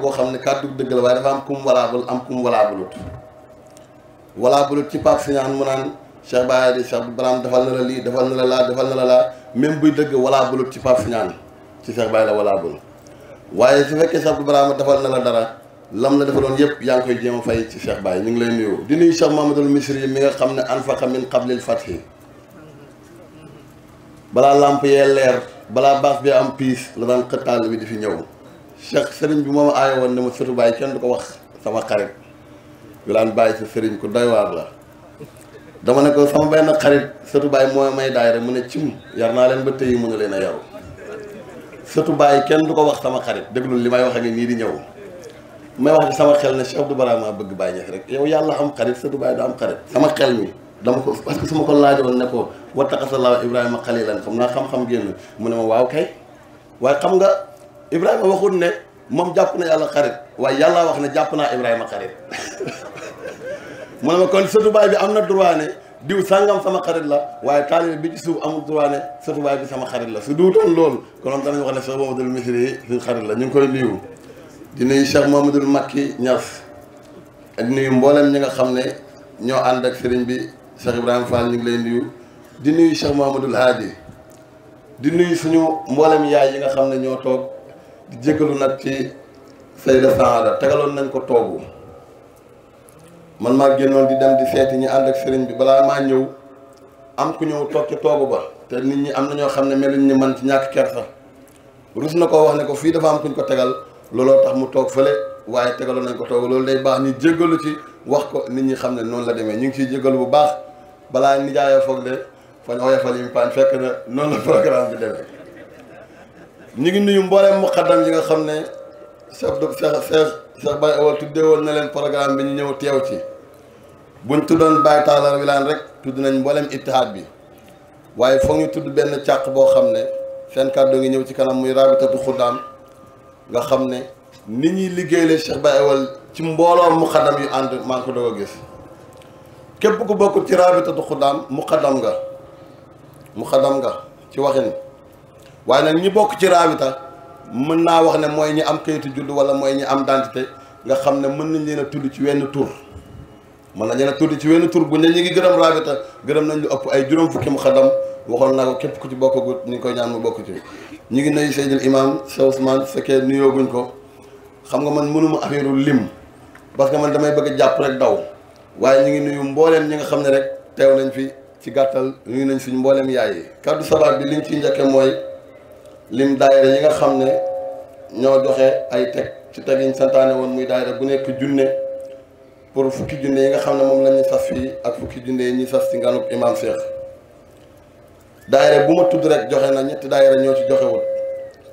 kàddu xam ne kàddu dëgg la waaye dafa am kum walaabul am kum walaabulut walaabulut ci Pape Sinaan mu naan Cheikh Baye di Cheikh Baraam na la lii defal na la laa defal na la laa buy dëgg walaabulut ci Pape Sinaan ci Cheikh Baye la walaabul waaye su fekkee Cheikh Baraam defal na la dara lam la defaloon yëpp yaa ngi koy jéem fay ci Cheikh Baye ñu ngi lay nuyu di nuyu Cheikh Misri mi nga xam ne anfaqa min qablil fathi balaa làmp yee leer balaa baas bi am piis la daan xëttaal wi di fi ñëw Cheikh sëriñ bi moom aaye woon ne ma sëtu bàyyi kenn du ko wax sama xarit yu bàyyi sa sëriñ ku doy waar la dama ne ko sama benn xarit setu bàyyi mooy may daayira mu ne cim yar naa leen ba tey mu nga leen a yaru sëtu bàyyi kenn du ko wax sama xarit déglul li may wax a ngi nii di ñëw may wax sama xel ne Cheikh Abdou Bara maa bëgg bàyyi ñeex rek yow yàlla am xarit setu bàyyi du am xarit sama xel mi dama ko parce su ma ko laajoon ne ko wattaxasallahu Ibrahima xalilan xam naa xam-xam génn mu ne ma waaw kay waaye xam nga Ibrahima waxut ne moom jàpp na yàlla xarit waaye yàlla wax ne jàpp naa Ibrahima xarit mu ne ma kon sëtu bi am na droit ne diw sàngam sama xarit la waaye taalibe bi ci suuf amul droit ne sëtu bi sama xarit la su duutoon loolu konoon danañ wax ne soo Mamadul Misri suñu xarit la ñu ngi koy nuyu di nuyu Cheikh Mamadul Makki Niass di nga xam ne ñoo ànd ak sëriñ bi Cheikh Ibrahima Fall di nuyu Cheikh Haadi di nuyu suñu mboolem yaay yi nga xam ne ñoo toog. di jégalu nag ci def Fayda Saada tegaloon nañ ko toogu man maa génnoon di dem di seeti ñi ànd ak sëriñ bi balaa maa ñëw am ku ñëw toog ci toogu ba te nit ñi am na ñoo xam ne meluñ ni man ci ñàkk kersa rus na koo wax ne ko fii dafa am kuñ ko tegal looloo tax mu toog fële waaye tegaloon nañ ko toogu loolu day baax ñu jégalu ci wax ko nit ñi xam ne noonu la demee ñu ngi ciy jégalu bu baax balaa nijaayoo foog de fañ oyofal yi mu paan fekk na noonu programme bi demee. ñu ngi nuyu mbooleem muqaddam yi nga xam ne chef de Cheikh Cheikh na leen programme bi ñu ñëw teew ci buñ tuddoon Baye Talla Wilane rek tudd nañ mbooleem ittihaad bi waaye foog ñu tudd benn càq boo xam ne seen kàddu ngi ñëw ci kanam muy rabitatu xuddaam nga xam ne nit ñuy liggéeyale Cheikh Baye Awal ci mbooloo muqaddam yu ànd maa ngi ko doog a gis képp ku bokkut ci rabitatu xuddaam muqaddam nga muqaddam nga ci waxin waaye nag ñi bokk ci raabita mën naa wax ne mooy ñi am kayitu juddu wala mooy ñi am dentité nga xam ne mën nañ leen a tudd ci wenn tur mën nañ a tudd ci wenn tur bu ne ñu gërëm raabita gërëm nañ lu ëpp ay juróom fukki mu xadam waxoon naa ko képp ku ci bokkagut ñu ngi koy ñaan mu bokk ci ñu ngi nuyu Seydil Imam Cheikh Ousmane fekkee nuyooguñ ko xam nga man mënuma affaire lim parce que man damay bëgg jàpp rek daw waaye ñu ngi nuyu mbooleem ñi nga xam ne rek teew nañ fi ci gàttal nuyu nañ suñu mbooleem yaay yi kaddu salaat bi liñ ciy njëkke mooy lim daayira yi nga xamne ño joxe ay tek ci teg santane won muy daayira bu nek junne pour fukki junne yi nga xamne mom lañu saf fi ak fukki junne ñi saf ci nganub Imam Cheikh daayira bu ma tudd rek joxe na ñet daayira ño ci joxe joxewul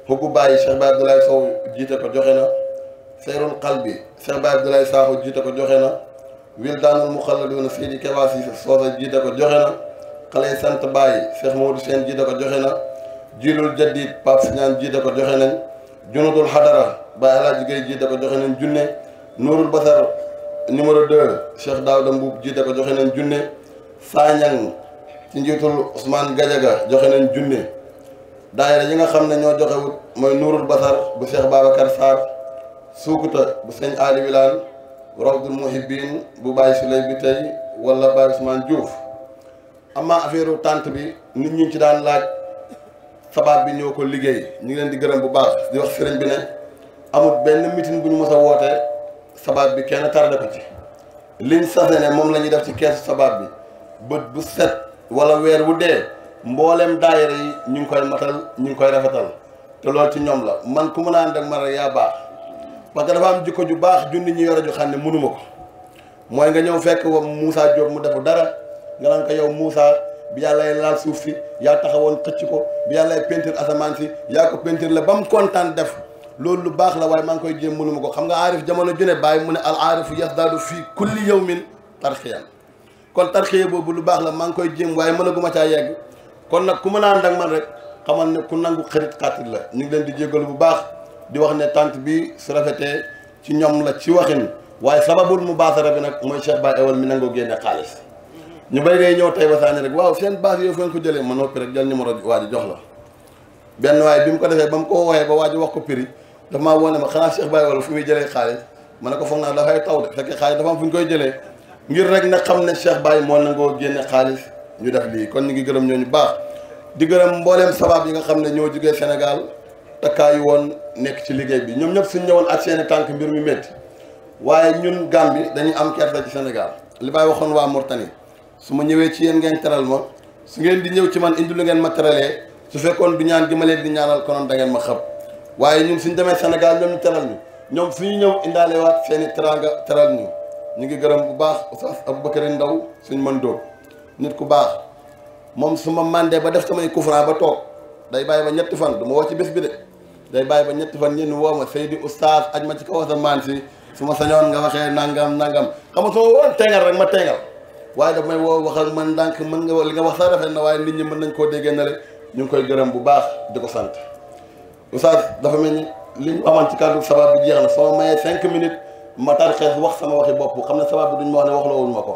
xubbu baye Cheikh ba Abdoulaye saw jité ko joxe na seerul qalbi Cheikh ba Abdoulaye saw jité ko joxe na wildaanul muxalladuna Seydi Kewaasi Soosa jité ko joxe na xale sante baye Cheikh Modou sen jité ko joxe na jiilul jaddiit Pape Signane jiite ko joxe nañ junudul xadara Baye Alaaji Gay joxe nañ junne nuurul basar numéro 2 Cheikh Daouda Mbuub jiite ko joxe nañ junne Saañang ci njiitul Ousmane Gajaga joxe nañ junne daayira yi nga xam ne ñoo joxewut mooy nuurul basar bu Cheikh Babacar Sarr suukuta bu sëñ Ali Wilane rawdul muhibbin bu Baye Suley bi tey wala Baye Ousmane Diouf amaa affaire tànt bi nit ñi ci daan laaj sabaat bi ñoo ko liggéey ñu ngi leen di gërëm bu baax di wax sëriñ bi ne amul benn meeting bu ñu mës a woote sabaat bi kenn de ko ci liñ sase ne moom la ñuy def ci keesu sabaat bi bët bu set wala weer wu dee mbooleem daayira yi ñu ngi koy matal ñu ngi koy rafetal te lool ci ñoom la man ku mën a ànd ak man yaa baax parce que dafa am jikko ju baax junni ñu yore ju xam ne mënuma ko mooy nga ñëw fekk wa Moussa Diop mu defu dara nga naan ko yow Moussa bi yàlla laal suuf si yaa taxawoon xëcc ko bi yàlla peinture asamaan si yaa ko peinture la ba mu kontaan def loolu lu baax la waaye maa ngi koy jéem mënuma ko xam nga aarif jamono june bàyyi mu ne al aarifu yasdaadu fii kulli yawmin tarxiyan kon tarxiya boobu lu baax la maa ngi koy jéem waaye mënaguma caa yegg kon nag ku mën a ànd man rek xamal ne ku nangu xarit xaatit la ñu ngi leen di jégalu bu baax di wax ne tante bi su rafetee ci ñoom la ci waxin waaye sababul mubaasara bi nag mooy Cheikh Baye Ewal mi nangoo génne xaalis ñu bay day ñëw Taïba Sané rek waaw seen base yooyu fu ngeen ko jëlee ma noppi rek jël numéro waa ji jox la benn waaye bi mu ko defee ba mu ko wooyee ba waa ji wax ko prix dafa maa woo ne ma xanaa fu muy jëlee xaalis ma ne ko foog taw de fekk xaalis dafa ñu koy jëlee ngir rek na xam ne Cheikh Baye moo nangoo génne xaalis ñu def lii kon ñu ngi gërëm ñooñu baax di gërëm mbooleem sabab yi nga xam ne ñoo jugee Sénégal yi woon nekk ci liggéey bi ñoom ñëpp suñu ñëwoon ak seeni tànk mbir mi métti waaye ñun Gambie dañuy am kersa ci Sénégal li Baye waxoon waa Mauritanie su ma ñëwee ci yéen ngeen teral ma su ngeen di ñëw ci man indi lu ngeen ma teralee su fekkoon du ñaan gi ma leen di ñaanal konoon dangeen ma xab waaye ñun suñ demee Sénégal ñoom ñu teral ñu ñoom suñu ñëw indaale waat seen i teral ñu ñu ngi gërëm bu baax oustaz Aboubacar Ndaw suñ mën dóob nit ku baax moom su ma mandee ba def samay kufra ba toog day bàyyi ba ñetti fan du ma ci bés bi de day bàyyi ba ñetti fan ñenn woo ma di oustaz aj ma ci kaw asamaan si su ma sañoon nga waxee nangam nangam xam nga su ma woon waaye daf may woo wax ak man ndànk mën nga li nga wax sax rafet na waaye nit ñi mën nañ koo déggee ne rek ñu ngi koy gërëm bu baax di ko sant oustaz dafa mel ni li ñu amoon ci kàddu sabab bi jeex na soo mayee cinq minutes ma tarxees wax sama waxi bopp xam ne sabab bi duñ ma wax ne wax la woon ma ko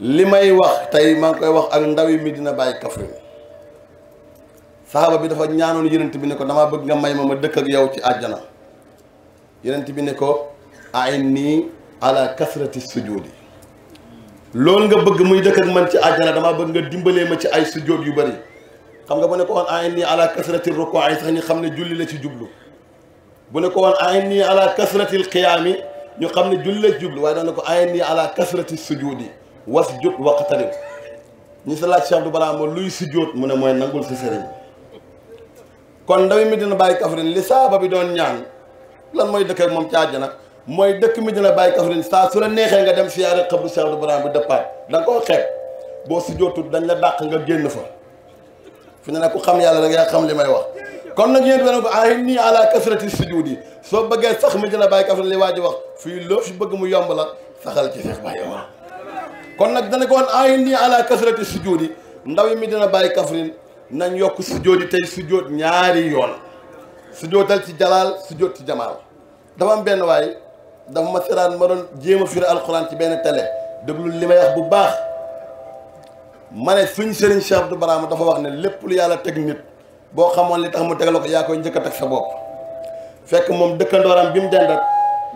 li may wax tey maa ngi koy wax ak ndawi mi dina bàyyi Kaffrine saxaaba bi dafa ñaanoon yenent bi ne ko damaa bëgg nga may ma ma dëkk ak yow ci àjjana yenent bi ne ko ay nii ala kasrati sujudi loolu nga bëgg muy dëkk ak man ci àjjana damaa bëgg nga dimbalee ma ci ay sujjóot yu bari xam nga bu ne ko woon ayin nii ala kasratil ruku'i sax ñu xam ne julli la ci jublu bu ne ko woon ayin nii ala kasratil qiyaami ñu xam ne julli la ci jublu waaye ko ayin nii ala kasratil sujudi wasjud waqtarib ñi sa laaj Cheikh du Bara ma luy sujjóot mu ne mooy nangul sa sëriñ kon ndawi mi dina bàyyi Kaffrine li saaba bi doon ñaan lan mooy dëkk ak moom ci àjjana mooy dëkk mi dina bàyyi Kaffrine saa su la neexee nga dem si siyaare xabru Cheikh Ibrahima bi dëppaat da nga koo xeeb boo si jootul dañ la dàq nga génn fa fi ne nag ku xam yàlla rek yaa xam li may wax kon nag yéen benn ko a'inni ala kasrati sujud yi soo bëggee sax mi dina bàyyi Kaffrine waa ji wax fii loo fi bëgg mu yomb la saxal ci kon nag dana ko woon a'inni ah ala kasrati sujud yi ndaw yi mi dina bàyyi Kaffrine nañ yokk sujud yi tey sujud ñaari yoon sujudal ci jalaal sujud ci jamaal dafa am benn waay dafa ma seetaan ma doon jéem a alxuraan ci benn télé déglu li may wax bu baax ma ne suñ Serigne Cheikh Abdou Barama dafa wax ne lépp lu yàlla teg nit boo xamoon li tax mu teg ko yaa koy njëkk a teg sa bopp fekk moom dëkkandooram bi mu dend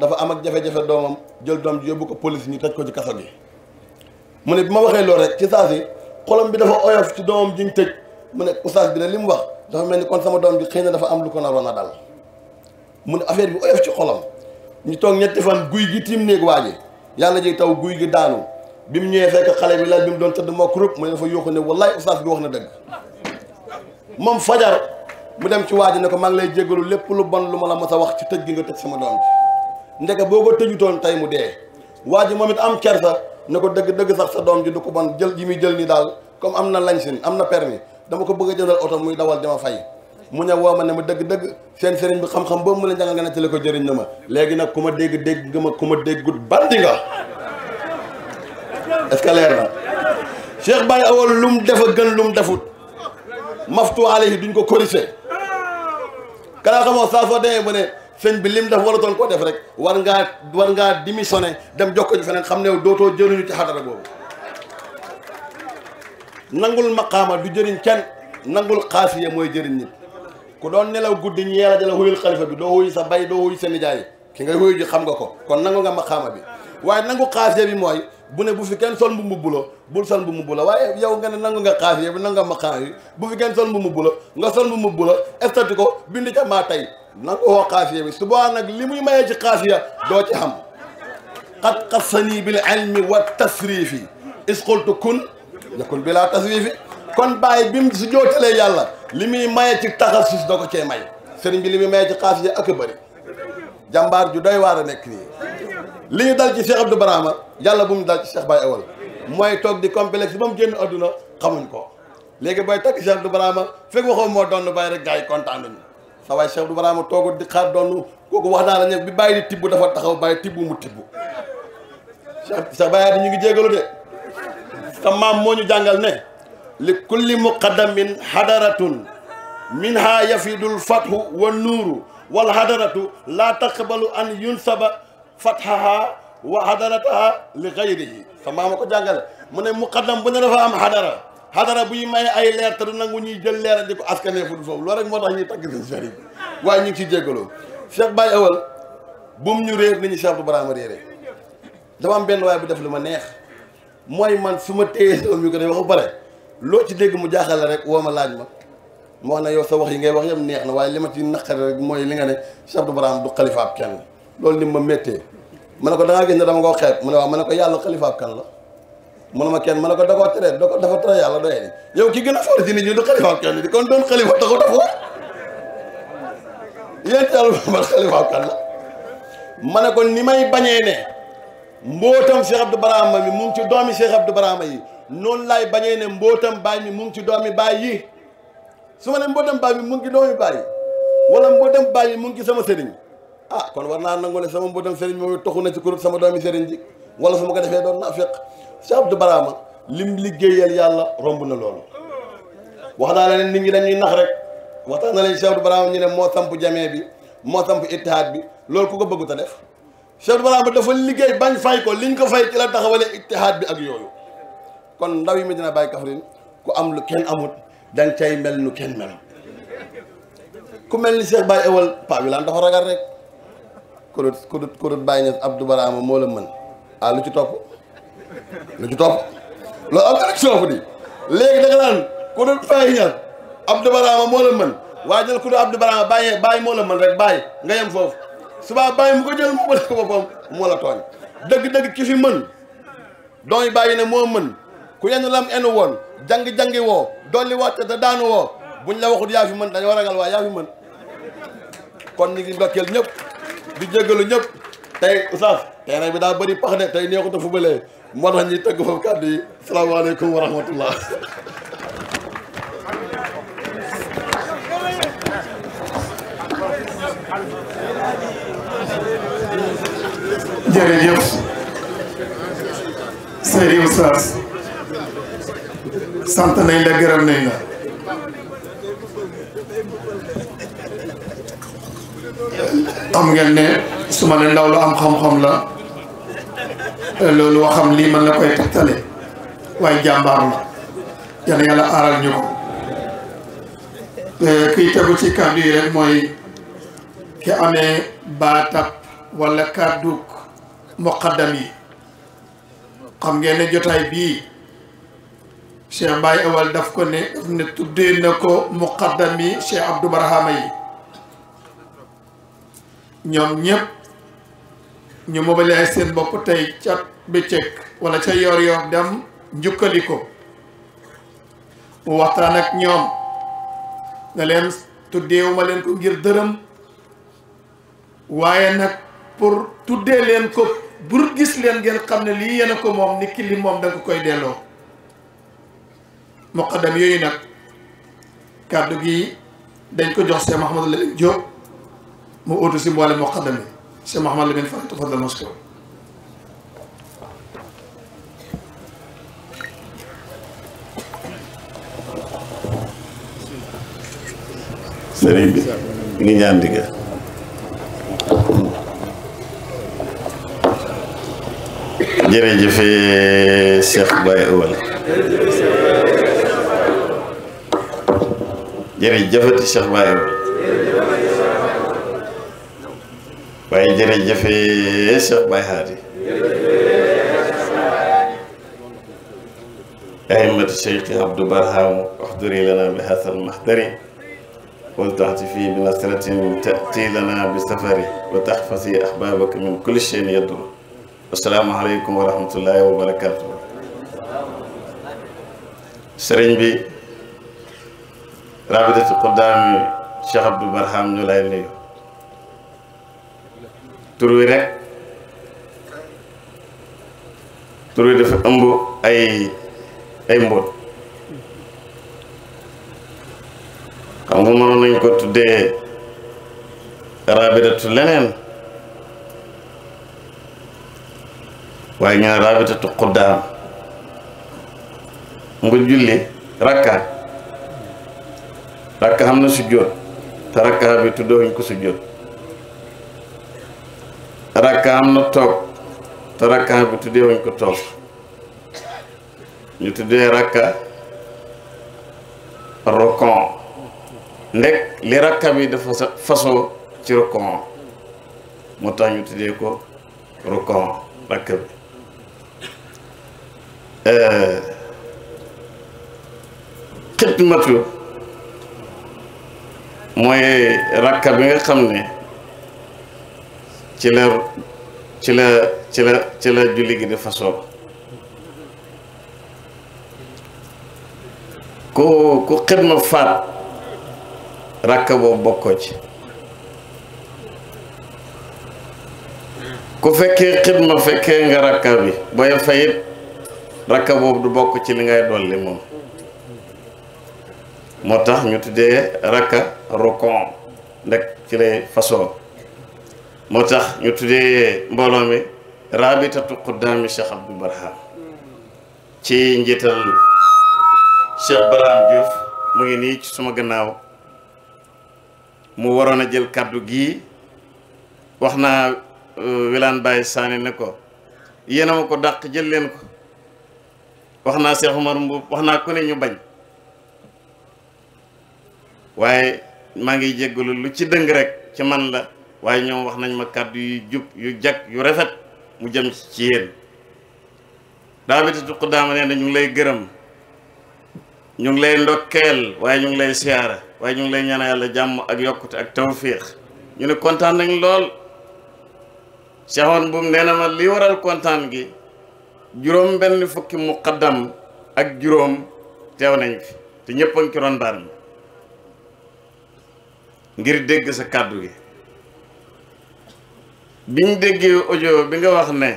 dafa am ak jafe-jafe doomam jël doom ji yóbbu ko police ñu tëj ko ci kaso gi mu ne bi ma waxee loolu rek ci saa si xolam bi dafa oyof ci doomam ji ñu tëj mu ne oustaz bi ne li mu wax dafa mel ni kon sama doom bi xëy na dafa am lu ko naroon a dal mu ne affaire bi ci xolam. ñu toog ñetti fan guy gi tiim néeg waaje yàlla ji taw guy gi daanu bi mu ñëwee fekk xale bi lal bi mu doon tëdd moo kurub mu ne dafa yooxu ne wallaay ustaas bi wax na dëgg moom fajar mu dem ci waaji ne ko maa lay jéggalu lépp lu bon lu ma la mas a wax ci tëj gi nga tëj sama doom bi ndeke boo ko tëjutoon tey mu dee waa ji moom it am kersa ne ko dëgg dëgg sax sa doom ji du ko bon jël ji muy jël nii daal comme am na lañsin am na permis dama ko bëgg a oto muy dawal dama fay mu ne woo ma ne ma dëgg-dëgg seen sëriñ bi xam-xam boobu mu la jàngal nga ne ci ko jëriñ na ma léegi nag ku ma dégg dégg nga ma ku ma déggut bandi nga est-ce que leer na Cheikh Baye Awol lu def a gën lu mu defut maftu yi duñ ko corrigé kanaa xamoo saa soo demee ba ne sëñ bi lim def doon koo def rek war ngaa war ngaa démissionné dem jox ko ci feneen xam ne dootoo jëriñu ci xadara boobu nangul maqaama du jëriñ kenn nangul xaasiya mooy jëriñ nit كودون نلاو غودي نيالا دي لا هويل خليفه بي دو هوي سا باي دو هوي سيني جاي كيغا هوي جي خامغا كو كون نانغو غا مخاما بي واي نانغو قافيه بي موي بو ني بو في كان سول مبو بولو بول سول مبو بولو واي ياو غا نانغو غا قافيه بي نانغا مخاما بي بو في كان سول مبو بولو غا سول مبو بولو استاتيكو بيندي تا ما تاي نانغو هو قافيه بي سبحان الله لي موي ماي جي قافيه دو تي خام قد قصني بالعلم والتصريف اذ كن يكون بلا تصريف kon bàyyi bi mu si jootalee yàlla li muy maye ci taxasus da ko cee may sëriñ bi li muy maye ci xaas yi ak a bëri jàmbaar ju doy waar a nekk nii li ñu dal ci Cheikh du Barama yàlla bu mu dal ci Cheikh Baye Awal mooy toog di complexe ba mu génn adduna xamuñ ko léegi booy takk Cheikh Abdou Barama fekk waxoon moo doon bàyyi rek gars yi kontaan nañu sa waay Cheikh Abdou Barama toogu di xaar doon kooku wax naa la ne bi bàyyi di tibb dafa taxaw bàyyi tibb mu tibb Cheikh Cheikh ñu ngi jégalu de maam moo ñu jàngal ne. لكل مقدم حضرة منها يفيد الفتح والنور والحضرة لا تقبل أن ينسب فتحها وحضرتها لغيره فما مكجانغال من مقدم بن رفا أم حضرة حضرة بي ماي أي لير ترنا نغني جل لير ديكو أسكن يفود فوق لو رك موتاخ ني تاك سن جاري واي ني تي جيغلو شيخ باي أول بوم ني ري ني شاب برام ري ري دا بن واي بو ديف لما نيه موي مان loo ci dégg mu jaaxal rek woo ma laaj ma mu wax ne yow sa wax yi ngay wax yam neex na waaye li ma ci naqari rek mooy li nga ne Cheikh Abdou Barham du xalifaab kenn loolu ni ma méttee ma ne ko da dama koo xeeb mu ne waaw ma ne ko yàlla xalifaab kan la mu ne ma kenn ma ne ko da koo tere da ko dafa yow ki gën a foor ci nit ñi du xalifaab kenn di kon doon xalifa taxu dafa yéen yàlla ne ko ni may bañee ne mbootam Cheikh Abdou Barham mi mu ngi ci doomi Cheikh Abdou Barham yi noonu laay bañee ne mbootam baay mi mu ngi ci doomi bàyyi su ma ne mbootam baay mi mu ngi ci doomi baay yi wala mbootam baay mi mu ngi ci sama sëriñ ah kon war naa nangu ne sama mbootam sëriñ moom toxu na ci kuréel sama doomi sëriñ ji wala su ma ko defee doon naa fekk Cheikh Abdou Barama lim liggéeyal yàlla romb na loolu wax naa leen nit ñi dañuy nax rek waxtaan na leen Cheikh Abdou Barama ñu ne moo samp jamee bi moo samp ittihaad bi loolu ku ko bëggut a def Cheikh Abdou Barama dafa liggéey bañ fay ko liñ ko fay ci la taxawale ittihaad bi ak yooyu kon ndaw yi Medina Baye Kaffrine ku am lu kenn amut da nga cay mel nu kenn melu ku mel ni Cheikh Baye Ewal pa wi laan dafa ragal rek kudut kudut kudut Baye Niass Abdou Barama moo la mën ah, lu ci topp lu ci topp loolu am na léegi da nga naan kudut Baye moo la mën waaye jël kudut Abdou Barama Baye moo la mën rek Baye nga yem foofu suba Baye mu ko jël mu ko boppam moo la tooñ dëgg-dëgg ki fi mën doon Baye ne moo mën. ku yenn lam enu won jang jangé wo doli wàcce te daanu wo buñ la waxut yaa fi mën dañoo ragal waa yaa fi mën kon ni ngi ndokkeel ñëpp di jéggelu ñep tay oustaz tey nag bi da bari pax de tey neexut a fubalee moo tax ñuy tëgg foofu kàddu yi salaamaaleykum wa rahmatullah jërëjëf sëriñ oustaz sant nañ la gërëm nañ la xam ngeen ne su ma ne ndaw lu am xam-xam la loolu waxam lii mën na koy tattale waaye jàmbaar la yàlla yàlla aaral ñu ko euh, kiy tegu ci kàddu yi rek mooy ki amee baatab wala kàddu muqaddam yi xam ngeen ne jotaay bii cheikh Mbaye Awal daf ko ne daf ne tuddee na ko muqaddam yi cheikh Abdou Barhama yi ñoom ñëpp ñu mobiliser seen bopp tey ca bëccëg wala ca yoor yor dem njukkali ko mu waxtaan ak ñoom ne leen tuddeewu ma leen ko ngir dërëm waaye nag pour tuddee leen ko bur gis leen ngeen xam ne lii yéen ko moom ni ki moom da koy delloo. muqaddam yooyu nag kàddu gi dañ ko jox Cheikh Mouhamadou Lamine Diop mu utu si mboolem muqaddam yi Cheikh Mouhamadou Lamine Fall tafaddal ngi ñaan digga jërëjëfe Cheikh Baye Owal jërëjëfati cheikh mayo way jërëjëfé cheikh bayhari أئمة الشيخ عبد البرهام احضري لنا بهذا المحضر والتعطي فيه بنصرة تأتي لنا بسفري وتحفظي أحبابك من كل شيء يدور السلام عليكم ورحمة الله وبركاته سرين بي rabitatu xuddaami Cheikh Abdou Barham ñu lay nuyu tur wi rek tur dafa ëmb ay ay mbóot xam nga mënoon nañ ko tuddee rabitatu leneen waaye ñu ne rabitatu xuddaam nga julli rakkaat rakka xam na sujjóot te rakka bi tuddooñ ko sujjóot rakka am na toog te rakka bi tuddeewuñ ko toog ñu tuddee rakka rokon ndek li rakka bi dafa façon ci rokon moo tax ñu tuddee ko rokon rakka bi eh, xitmatu mooy rakka bi nga xam ne ci la ci la ci la ci la julli gi di fasoo ku ku xidma faat rakka boobu bokkoo ci ku fekkee xidma fekkee nga rakka bi booy fayit rakka boobu du bokk ci li ngay dolli moom moo tax ñu tuddee rakka rokon rek ci lay façon moo tax ñu tuddee mbooloo mi rabitatu quddaami Cheikh Abdou Barham ci njiital Cheikh Barham Diouf mu ngi nii ci suma gannaaw mu waroon a jël kàddu gii wax naa euh, Wilane Baye Sané ne ko yéen a ko dàq jël leen ko wax naa Cheikh Omar Mbuub wax naa ko ne ñu bañ waaye maa ngi jéggalu lu ci dëng rek ci man la waaye ñoom wax nañ ma kàddu yu jub yu jag yu rafet mu jëm ci yéen daamiti tuq daama nee na ñu ngi lay gërëm ñu ngi lay ndokkeel waaye ñu ngi lay siyaara waaye ñu ngi lay ñaanal yàlla jàmm ak yokkute ak tawfiix ñu ne kontaan nañ lool Cheikhoon buum nee na ma li waral kontaan gi juróom benn fukki muqaddam ak juróom teew nañu fi te ñëpp a ngi ngir dégg sa kàddu gi biñ déggee audio bi nga wax ne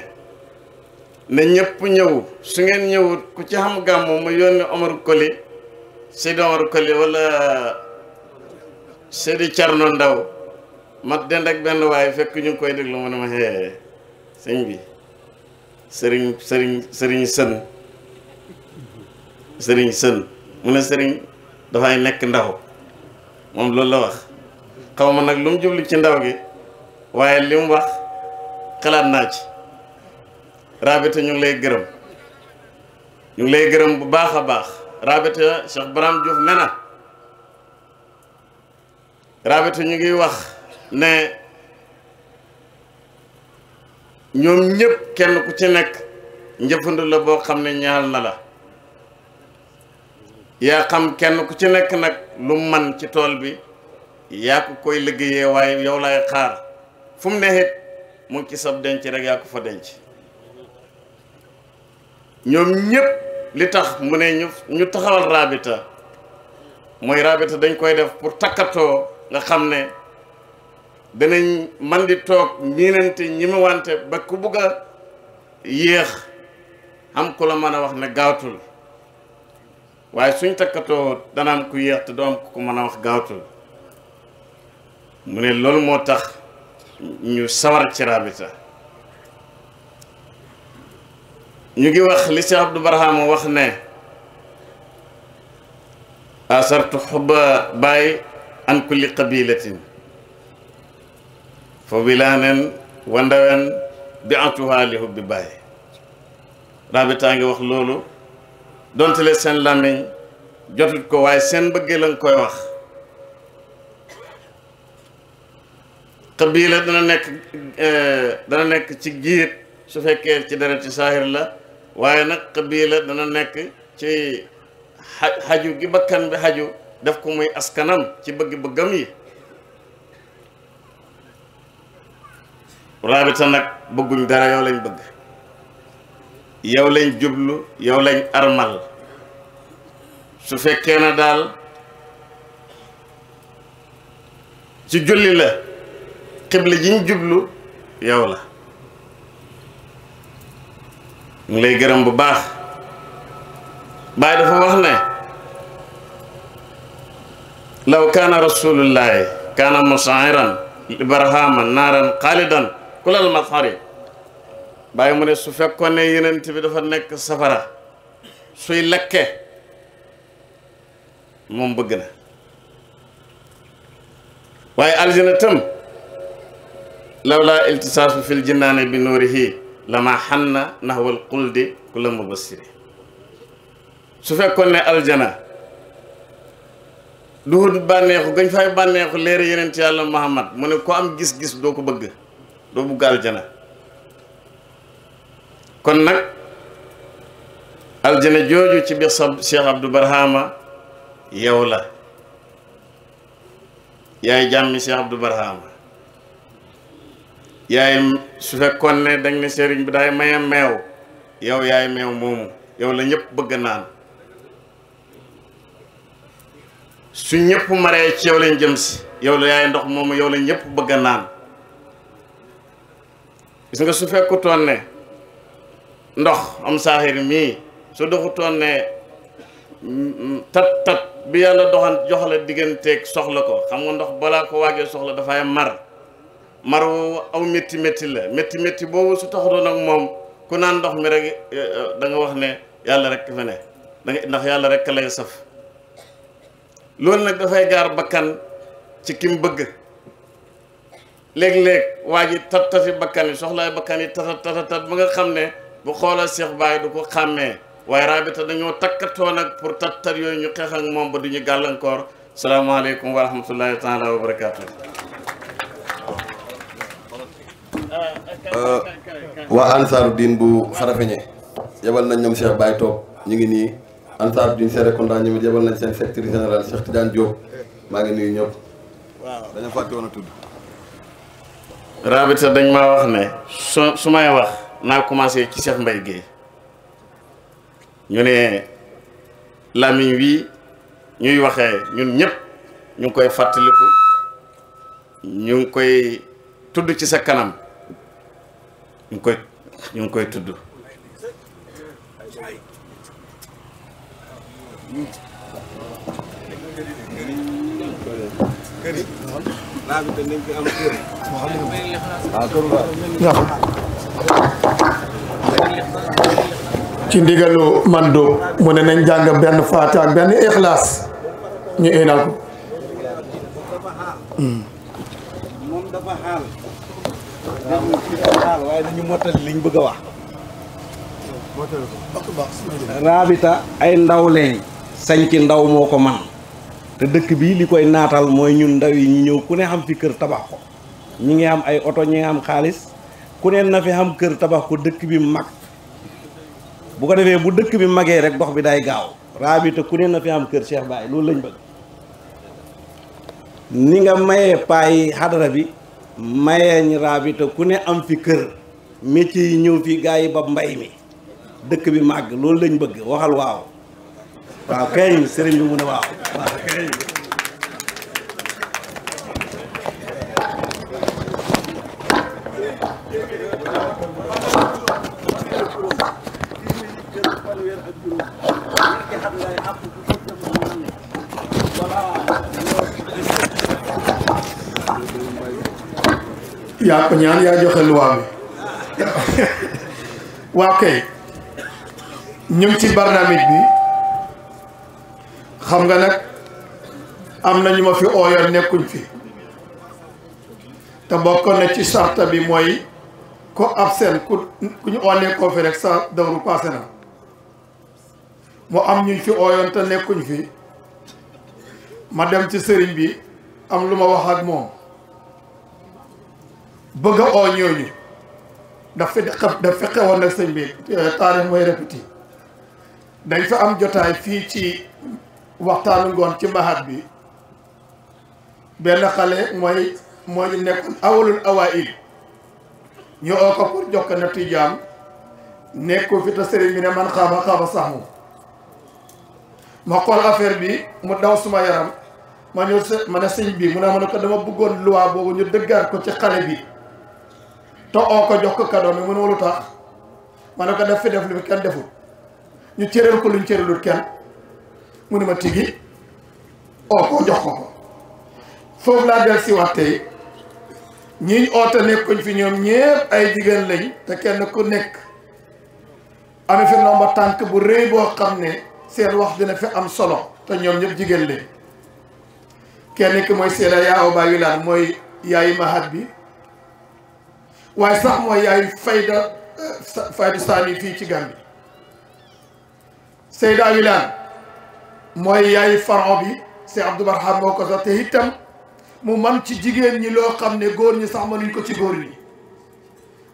ne ñëpp ñëw su ngeen ñëwut ku ci xam gàmmu mu yónni Omar Koli Seydi Omar Koli walla Seydi Thierno Ndaw mat dend ak benn waaye fekk ñu ngi koy déglu mu ne ma xee sëñ bi sëriñ sëriñ sëriñ sën sëriñ sën mu ne sëriñ dafay nekk ndaw moom loolu la wax xaw ma nag lu mu jublu ci ndaw gi waaye li wax xalaat naa ci rabita ñu ngi lay gërëm ñu ngi lay gërëm bu baax a baax rabita Cheikh Baram Diouf ne na rabita ñu ngi wax ne ñoom ñëpp kenn ku ci nekk njëfandu la boo xam ne ñaal na la yaa xam kenn ku ci nekk nag lu man ci tool bi yaa ko koy liggéeyee waaye yow lay xaar fu mu neexit mu ngi ci sab denc rek yaa ko fa denc ñoom ñépp li tax mu ne ñu ñu taxawal rabita mooy rabita dañ koy def pour takkatoo nga xam ne danañ man di toog miinante ñimiwante ba ku bugg a yéex am ku la mën a wax ne gaawtul waaye suñ takkatoo dana am ku yéex te doo am ku ko mën a wax gaawtul mu ne loolu moo tax ñu sawar ci rabita ñu ngi wax li Cheikh Abdou Barham wax ne asartu xubba bàyyi an kulli qabilatin fa wilaanen wa ndawen bi antuha li hubbi bàyyi rabita ngi wax loolu donte le seen làmmiñ jotut ko waaye seen bëggee lañ koy wax xabiila dana nekk eh, dana nekk ci giir su fekkee ci deret ci la waaye nag xabiila dana nekk ci xaju gi bakkan bi xaju def ko muy askanam ci bëgg-bëggam yi raabita nag bëgguñ dara yow lañ bëgg yow lañ jublu yow lañ armal su fekkee na daal ci julli la qibla jiñ jublu yow la ngi lay gërëm bu baax Baay dafa wax ne law kaana rasulullahi kaana musairan libarhama naaran xaalidan kulal mathari Baay mu ne su fekkoon ne yenent bi dafa nekk safara suy lakke moom bëgg na waaye aljana tam lawlaa iltisaasu fil jinnaani bi nuurihi lama xanna naxwal xuldi ku la mubassiri su fekkoon ne aljana duhut bànneexu gañ fay bànneexu leeri yenent yàlla Muhammad mu ne ko am gis-gis doo ko bëgg doo bugg aljana kon nag aljana jooju ci biir sa Cheikh Abdou Barhama yow la yaay jàmmi Cheikh Abdou Barhama yaay su fekkoon ne dañ ne sëriñ bi daay maye meew yow yaay meew moomu yow la ñëpp bëgg naan su ñëpp maree ci yow lañ jëm si yow la yaay ndox moomu yow la ñëpp bëgg naan gis nga su fekkutoon ne ndox am saaxir mii su doxutoon ne tat tat bi yàlla doxan jox la digganteeg soxla ko xam nga ndox balaa ko waajee soxla dafay mar mar woowu aw métti métti la métti métti boobu su taxutoon ak moom ku naan ndox mi rek eh, eh, da nga wax ne yàlla rek fa ne da nga yàlla rek lay saf loolu nag dafay gaar bakkan ci kim bëgg léeg-léeg waa ji tat tati bakkan yi soxlaay bakkan yi tata tata tat ba nga xam ne bu xoola Seex Baay du ko xàmmee waaye raabita dañoo takkatoon ak pour tat tat yooyu ñu xeex moom ba du ñu gàllankoor salaamaaleykum wa rahmatullahi taala Euh, waa ansaaru diin bu xarafeñe yebal nañ ñoom Cheikh Baye toog ñu ngi nii ansaaru diin Serekunda ñoom it yebal nañ seen secrétaire général Cheikh Tidiane Diop maa ngi nuyu ñëpp. waaw dañoo fàtte woon a tudd. dañ ma wax ne su su may wax naa commencé ci Cheikh mbay Guèye ñu ne làmmiñ wii ñuy waxee ñun ñëpp ñu ngi koy fàttaliku ñu ngi koy tudd ci sa kanam. ñu koy ñu ci ndigalu man do mo ne nañ jang ben faata ak benn ixlaas ñu enal ko mom dafa xaal waaye dañu bëgg a wax raabita ay ndaw lañ sañ ci ndaw moo ko man te dëkk bi li koy naatal mooy ñun ndaw yi ñu ñëw ku ne xam fi kër tabax ko ñi ngi am ay oto ñi ngi am xaalis ku ne na fi xam kër tabax ko dëkk bi mag bu ko defee bu dëkk bi magee rek dox bi day gaaw raabita ku ne na fi am kër Cheikh Baye loolu lañ bëgg ni nga mayee paay xadara bi mayeeñ raabita ku ne am fi kër métier yi ñëw fi gars yi ba mbay mi dëkk bi màgg loolu lañ bëgg waxal waaw waaw kañ sëriñ bi mu ne waaw yaa ko ñaan yaa joxe luwaa bi waaw kay ñu ci barnaamij bi xam nga nag am na ñu ma fi ooyoon nekkuñ fi te bokkoon na ci sarta bi mooy ko absent ku ku ñu oo nekkoo fi rek sa dawru passé na mu am ñu fi ooyoon te nekkuñ fi ma dem ci sëriñ bi am lu ma wax ak moom bëgg a oo ñooñu daf fi daf fi xewoon nag sëñ bi euh, taarix mooy répété dañ fa am jotaay fii ci waxtaanu ngoon ci mahad bi benn xale mooy moo ñu nekkoon awalul awaayil ñu oo ko pour jox ko nattu jaam nekku fi bi ne man xaaba xaaba sax mu ma xool affaire bi mu daw suma yaram ma ñëw ma ne sëñ bii mu a ma ne ko dama bëggoon loi boobu ñu dëggaat ko ci xale bi to oo ko jox ko cadeau mi mënu lutax walu ko def fi def lu kenn deful ñu cëral ko luñ cëralul kenn mënu ma tigi o ko jox ko fof la laa del si wax tey ñi nek nekkuñ fi ñom ñepp ay jigéen lañ te kenn ku nek ami fi nomba tank bu rëy bo xam seen wax dina fi am solo te ñom ñepp jigéen lañ kenn ki mooy seeda yaaw yu wilaan moy yaay mahad bi waaye sax mooy yaay fayda fayda saani fii ci Gàmbi Seyda Wilane mooy yaay pharaon bi Seex Abdou Barham moo ko sax te itam mu man ci jigéen ñi loo xam ne góor ñi sax mënuñ ko ci góor ñi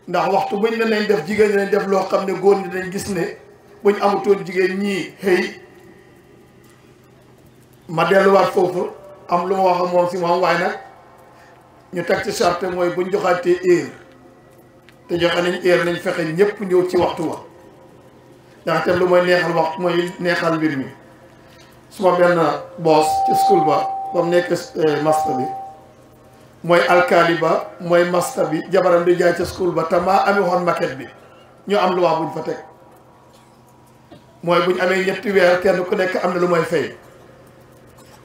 ndax waxtu buñ ne nañ def jigéen ñi nañ def loo xam ne góor ñi dañ gis ne buñ amutoon jigéen ñii xëy ma delluwaat foofu am lu ma wax moom si moom waaye nag ñu teg ci charte mooy buñ joxaatee heure te joxe nañ heure nañ fexé ñepp ñew ci waxtu wa ndax té lu moy neexal waxtu moy neexal bir mi suma ben boss ci school ba bam nekk eh, master bi moy alkaali ba mooy master bi jabaram di jaay ci school ba te maa amee woon maquette bi ñu am loi buñ fa tek moy buñ amé ñetti wër kenn ku nekk am na lu moy fay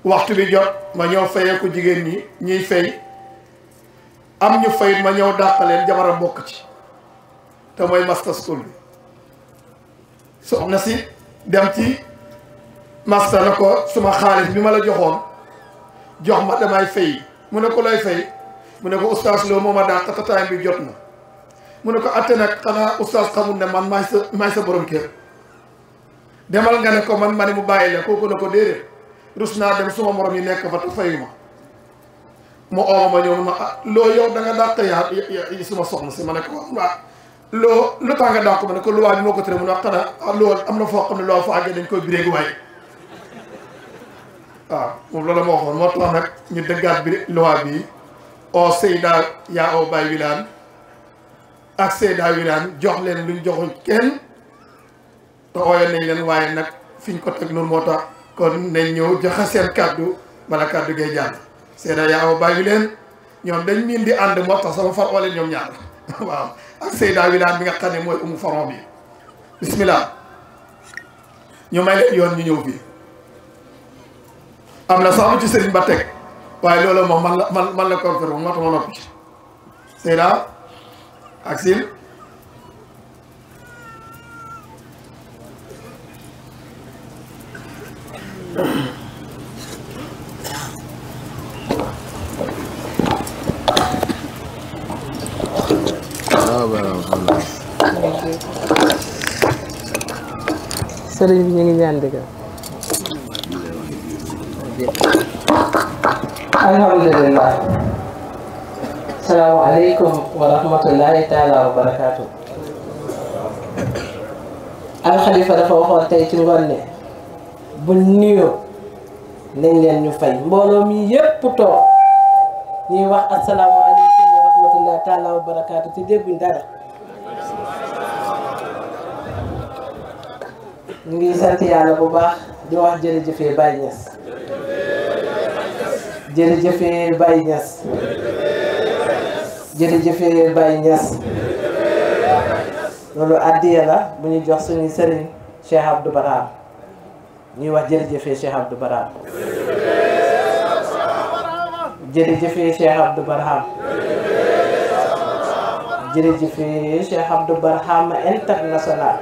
waxtu bi jot ma ñëw fayee ko ni ñi fay am ñu fay ma ñëw dàqaleen jabaram bok ci te mooy master school bi soxna si dem ci master na ko suma xaalis bi ma la joxoon jox ma damay fay mu ne ko lay fay mu ne ko oustaz loo mooma daan xatataay bi jot na mu ne ko atte nag xanaa oustaz xamul ne man maay sa maay sa borom kër demal nga ne ko man ma ne mu bàyyi la kooku ne ko déedéet rus naa dem suma morom yi nekk fa te fayu mu ooma ma loo yow da nga dàq yaa suma soxna si ma ne ko waaw loo lu tax nga dàq ma ne ko luwaa bi moo ko tere mu ne xanaa ah, luwaa am na foo xam ne luwaa fa àggee dañ koy biréegu waaye waaw ah, moom loolu ma waxoon moo tax nag ñu dëggaat bi luwaa bi o Seyda yaa o Baye Wilane ak Seyda Wilane jox leen luñ joxuñ kenn te ooyoon nañ leen waaye nag fiñ ko teg noonu moo tax kon nañ ñëw joxe seen kàddu bala kàddu gay jàll Seyda yaa o Baye Wilane ñoom dañ miin di ànd moo tax sama far oo leen ñoom ñaar waaw ak Seyda Wilane bi nga xam ne mooy umu faron bi bismillah ñu may leen yoon ñu ñëw fii am na sax ci sëriñ ba teg waaye loolu moom man la man man la conféré moo tax ma noppi ci Seyda ak Sil voilà voilà. sëriñ bi ñu ngi ñaan dëgg. alhamdulilah. salaamaaleykum wa rahmatullahi taala wa barakaatu. alxalifa dafa waxoon tey ci ngoon ne bu nuyoo nañ leen ñu fay mbooloo mi yépp toog ñuy wax asalaamaaleykum. wa barakaatu te dégguñ dara ñu ngi sant yàlla bu baax di wax jërëjëfee Baye Niass jërëjëfee Baye Niass jërëjëfee Baye Niass loolu àddiya la bu ñu jox suñu sëriñ Cheikh du Barham ñuy wax jërëjëfee Cheikh Abdou Barham jërëjëfee Cheikh Abdou Barham jërëjëfee Cheikh Abdou Barham international.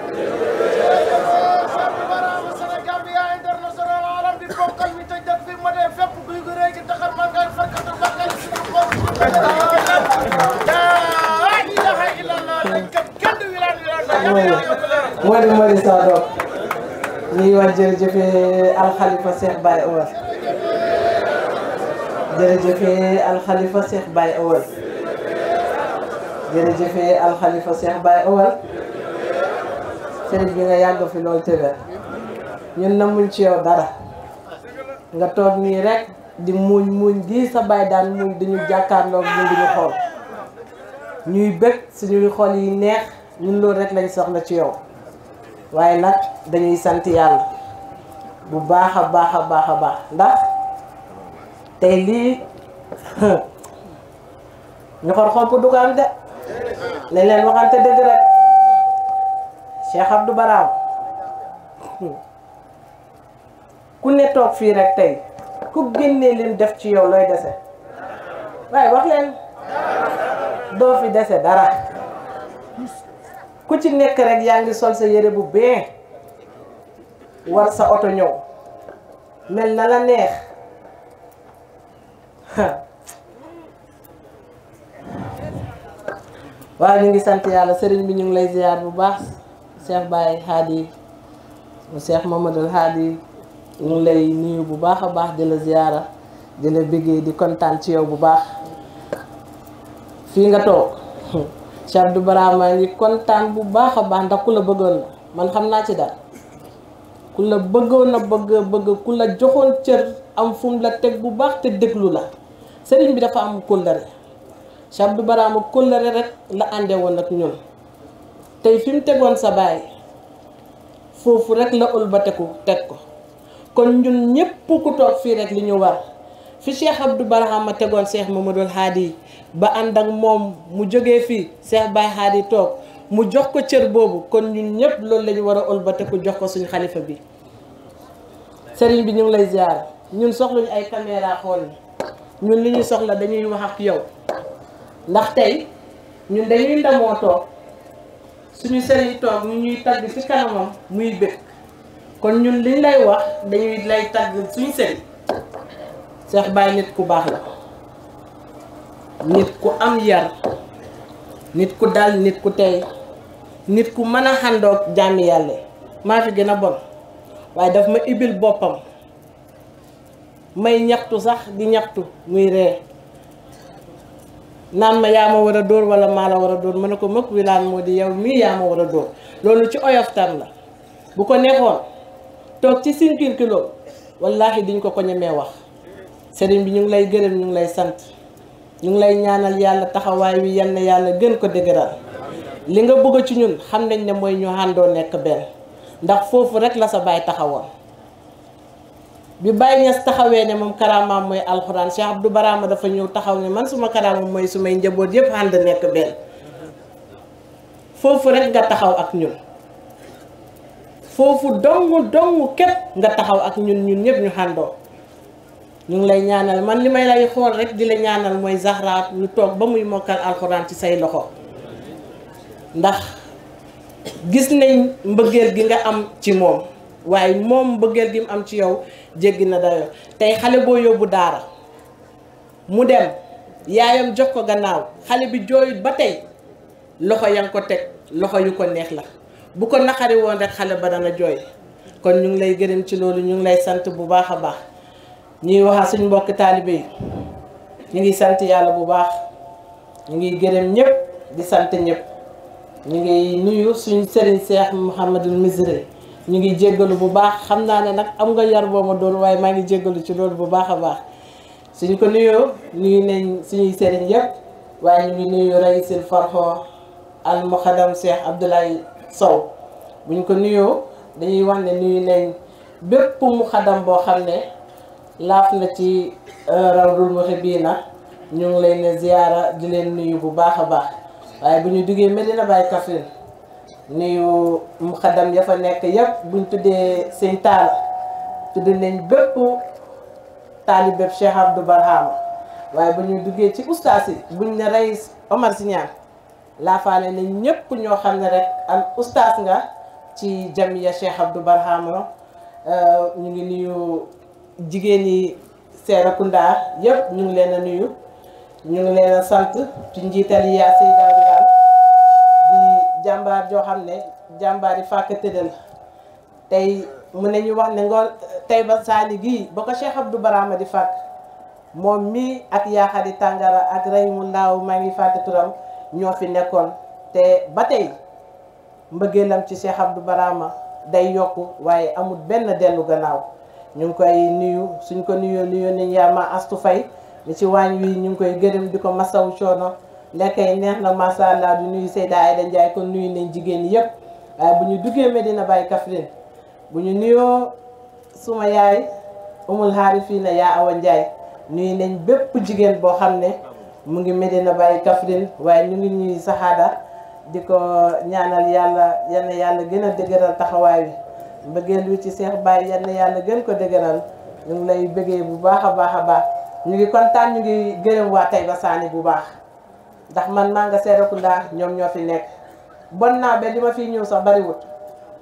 mooy li Mori Sadok ñu ngi wax jërëjëf alxalifa Cheikh Baye Awal jërëjëf alxalifa Cheikh Baye Awal jërëjëfee alxalifa Cheikh Baye Owal sëriñ bi nga yàgg fi loolu tëwér ñun namuñ ci yow dara nga toog nii rek di muuñ muuñ gi sa baay daan muuñ diñu jàkkaarloo ñun diñu xool ñuy bëgg suñuy xool yi neex ñun loolu rek lañ soxla ci waaye nag dañuy sant yàlla bu baax a baax a baax a baax ndax tey lii ñoxor xomp du de nañ leen waxante dëgg rek Cheikh Abdou Baraam ku ne toog fii rek tey ku génnee lim def ci yow looy dese waaye wax leen doo fi dese dara ku ci nekk rek yaa ngi sol sa yére bu beex war sa oto ñëw mel na la neex waa ñu ngi sant yàlla sëriñ bi ñu ngi lay ziar bu baax Cheikh Baye Hadi Cheikh Mamadou Hadi ñu ngi lay nuyu bu baax a baax di la ziara di la bëggee di kontaan ci yow bu baax fii nga toog Cheikh Abdou Barama ngi kontaan bu baax a baax ndax ku la bëggoon la man xam naa ci daal ku la bëggoon a bëgg ku la joxoon cër am fu la teg bu baax te déglu la sëriñ bi dafa am kóllëre Cheikh Abdou Barama kóllëre rek la ànde woon ak ñun tey fi mu tegoon sa baay foofu rek la ëlbateku teg ko kon ñun ñépp ku toog fii rek li ñu war fi Cheikh Abdou Barama tegoon ma Mamadou xaadi ba ànd ak moom mu jóge fii Cheikh Baye Hadi toog mu jox ko cër boobu kon ñun ñépp loolu la ñu war a ëlbateku jox ko suñu xalifa bi sëriñ bi ñu lay ziar ñun soxluñu ay caméra xool ñun li ñuy soxla dañuy wax ak yow ndax tay ñun dañuy ndamo toog suñu sëriñ toog ñu ñuy tag ci kanamam muy bëkk kon ñun liñ lay wax dañuy lay tag suñu sëriñ Cheikh bay nit ku bax la nit ku am yar nit ku dal nit ku tay nit ku mëna handok xandoog yalla ma fi gëna bon waye daf ma ibil bopam may ñaxtu sax di ñaxtu muy ree naan ma yaa ma war a dóor wala maa la war a dóor ma ne ko mëkk wi laan moo di yow mii yaa ma war a dóor loolu ci oyof la bu ko neexoon toog ci cinquante kilo wallaahi diñ ko ko ñemee wax sëriñ bi ñu ngi lay gërëm ñu ngi lay sant ñu ngi lay ñaanal yàlla taxawaay wi na yàlla gën ko dëgëral li nga bëgg ci ñun xam nañ ne mooy ñu àndoo nekk benn ndax foofu rek la sa baay taxawoon bi Baye Niass taxawee ne moom karaamaam mooy alxuraan Cheikh Abdou Barama dafa ñëw taxaw ne man suma karaamaam mooy sumay njaboot yëpp ànd nekk benn foofu rek nga taxaw ak ñun foofu dong dong nga taxaw ak ñun ñun ñëpp ñu àndoo ñu ngi lay ñaanal man li may lay xool rek di la ñaanal mooy Zahra ñu toog ba muy mokkal alxuraan ci say loxo ndax gis nañ mbëggeel gi nga am ci moom waaye moom mbëggeel gi mu am ci yow. jéggi na dayo tey xale boo yóbbu daara mu dem yaayam jox ko gannaaw xale bi jooy ba tey loxo ya ko teg loxo yu ko neex la bu ko naqari woon rek xale ba dana jooy kon ñu ngi lay gërëm ci loolu ñu ngi lay sant bu baax a baax ñuy wax suñ mbokk taalibe yi ñu ngi sant yàlla bu baax ñu ngi gërëm ñëpp di sant ñëpp ñu ngi nuyu suñ sëriñ Seex Mouhamadul Misri ñu ngi jéggalu bu baax xam naa ne nag am nga yar boo ma doon waaye maa ngi jéggalu ci loolu bu baax a baax suñ ko nuyoo nuyu nañ suñuy sëriñ yëpp waaye ñu ngi nuyu Raysil Farxo al Muxadam Cheikh Abdoulaye Sow buñ ko nuyoo dañuy wax ne nuyu nañ bépp muxadam boo xam ne laaf na ci euh, Rawdul na ñu ngi leen ne ziyaara di leen nuyu bu baax a baax waaye bu ñu duggee Medina Baye Kaffrine nuyu muxadam ya fa nekk yëpp buñ tuddee sëñ taal tudd nañ bépp taalibe bépp Cheikh Abdou Barhama waaye bu ñuy duggee ci ustaas buñ ne rey Omar Siñaan laafaale nañ ñëpp ñoo xam ne rek am ustaas nga ci jamiya Cheikh Abdou Barhama euh, ñu ngi nuyu jigéen yi Serekunda yëpp ñu ngi leen a nuyu ñu ngi leen a sant ci njiital yaa Seyda jàmbaar joo xam ne jàmbaar yi fàkk tëdd la tey mu ne ñu wax ne ngoon tey ba saali gii ba ko Cheikh Abdou Barama di fàkk moom mii ak yaaxari tàngara ak rey mu laaw maa ngi fàtte turam ñoo fi nekkoon te ba tey mbëggeelam ci Cheikh Abdou Barama day yokk waaye amul benn dellu gannaaw ñu ngi koy nuyu suñ ko nuyoo nuyoo nañ yaa ma astu fay mi ci waañ wi ñu ngi koy gërëm di ko masawu coono lekk yi neex na macha allah du nuyu Seyda Aïda Ndiaye kon nuyu nañ jigéen ñi waaye bu ñu duggee Medina Baye Kaffrine bu ñu nuyoo suma yaay umul xaarifiina yaa Awa Ndiaye nuyu nañ bépp jigéen boo xam ne mu ngi Medina Baye Kaffrine waaye ñu ngi nuyu saxaada di ko ñaanal yàlla yal na yàlla gën a dëgëral taxawaay bi mbëggeel wi ci Cheikh Baye yal yàlla gën ko dëgëral ñu ngi lay bëggee bu baax a baax a baax ñu ngi kontaan ñu ngi gërëm waa Taïba Sané bu baax. ndax man maa nga Serekunda ñoom ñoo fi nekk bon naa ba li ma fi ñëw sax bariwut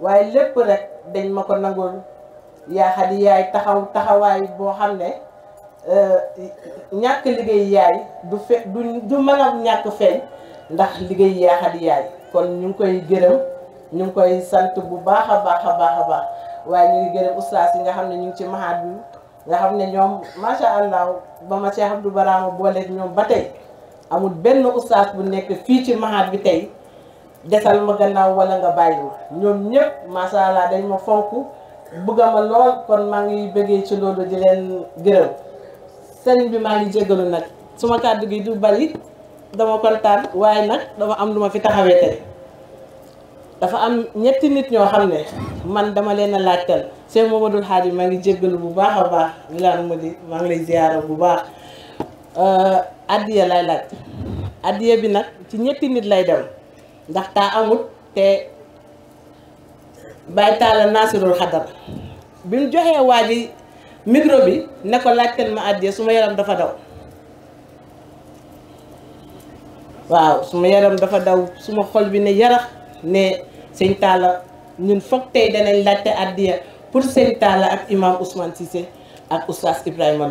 waaye lépp rek dañ ma ko nangul yaa xadi yaay taxaw taxawaay boo xam ne euh, ñàkk liggéey yaay du fe du du mën a ñàkk feeñ ndax liggéey yaa xadi yaay kon ñu ngi koy gërëm ñu ngi koy sant bu baax a baax a baax a baax waaye ñu ngi gërëm ustaas yi nga xam ne ñu ngi ci maxaat bi nga xam ne ñoom macha allah ba ma Cheikh Abdou Barama booleeg ñoom ba tey amul benn ustaas bu nekk fii ci mahaat bi tey desal ma gannaaw wala nga bàyyi ma ñoom ñëpp macha allah dañ ma fonk bëgga ma lool kon maa ngi bëggee ci loolu di leen gërëm sëriñ bi maa ngi jégalu nag suma kàddu gi du bari dama kontaan waaye nag dama am lu ma fi taxawee tey dafa am ñetti nit ñoo xam ne man dama leen a laajtal Cheikh Mamadou Hadi maa ngi jégalu bu baax a baax Wilane Mody maa ngi lay ziyaara bu baax. Euh, addiya lay laaj addiya bi nag ci ñetti nit lay dem ndax taa amut te bàyyi taala naasirul xadar bi mu joxee waa ji micro bi ne ko laajteel ma addiya su ma yaram dafa daw waaw su ma yaram dafa daw suma xol bi ne yarax ne sëñ taala ñun foog tey danañ laajte addiya pour sëñ taala ak imam Ousmane Cissé ak oustaz Ibrahima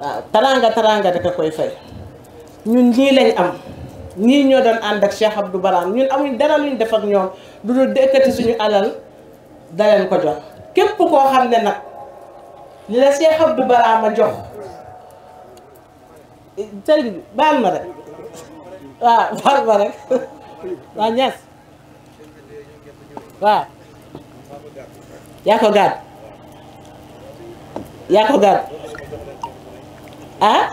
waaw ah, taraanga taraanga rek a koy fay ñun lii lañ am nii ñoo doon ànd ak Cheikh Abdou Barham ñun amuñ dara luñ def ak ñoom du dul dëkkati suñu alal daleen ko jox képp koo xam ne nag li la Cheikh Abdou Barham a jox sëriñ baal ma rek waaw baal rek waaw ñaas waaw yaa ko gàdd yaa ko gàdd ah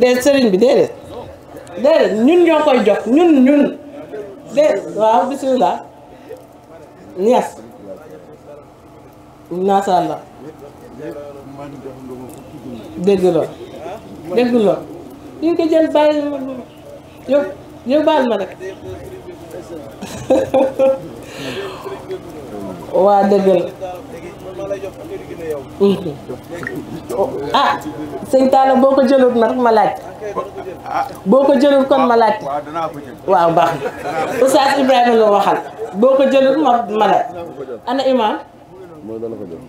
de sëriñ bi déedéet déedéet ñun ñoo koy jox ñun ñun déet waaw bisimilah ñes macha allah dégg loo dégg loo ñu ngi ko jël bàyyi yow yow baal ma rek waa dégg Mm-hmm. ah sëñ Talla boo ko jëlut nag ma laaj boo ko jëlut kon ma laaj waaw baax na Oustaz Ibrahima waxal boo ko jëlut ma ma ana imaam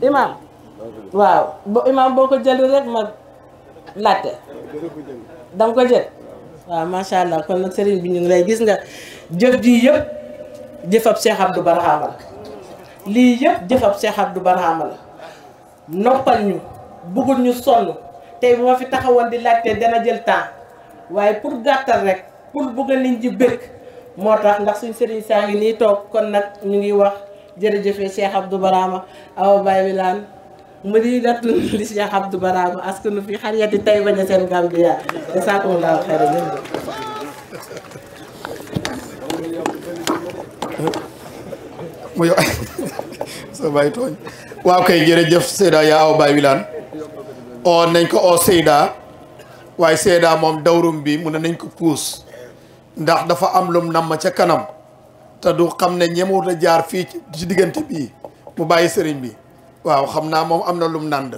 imaam waaw bo boo ko jëlut rek ma laajte danga ko jël waaw macha allah kon nag sëriñ bi ñu ngi lay gis nga jëf ji yëpp jëfab Cheikh Abdou Barhama lii yëpp jëfab Cheikh Abdou Barhama la noppal ñu bëggul ñu sonn tey bu ma fi taxawoon di laajte dana jël temps waaye pour gàttal rek pour bëgg nit ji bëgg moo tax ndax suñ sëriñ saa ngi nii toog kon nag ñu ngi wax jërëjëfe Cheikh Abdou du awa baay wi laan mu di datun di du Abdou Barhama askanu fi xariyati tey bañ a seen Gambia da saakum laaw xere mu yo sa bàyyi tooñ waaw kay jërëjëf Seyda yaa aw Baay Wilane oo nañ ko oo waaye Seyda moom dawrum bi mu ne nañ ko puus ndax dafa am lum nam ma ca kanam te du xam ne ñemewut a jaar fii ci diggante bii mu bàyyi sëriñ bi waaw xam naa moom am na lum nànd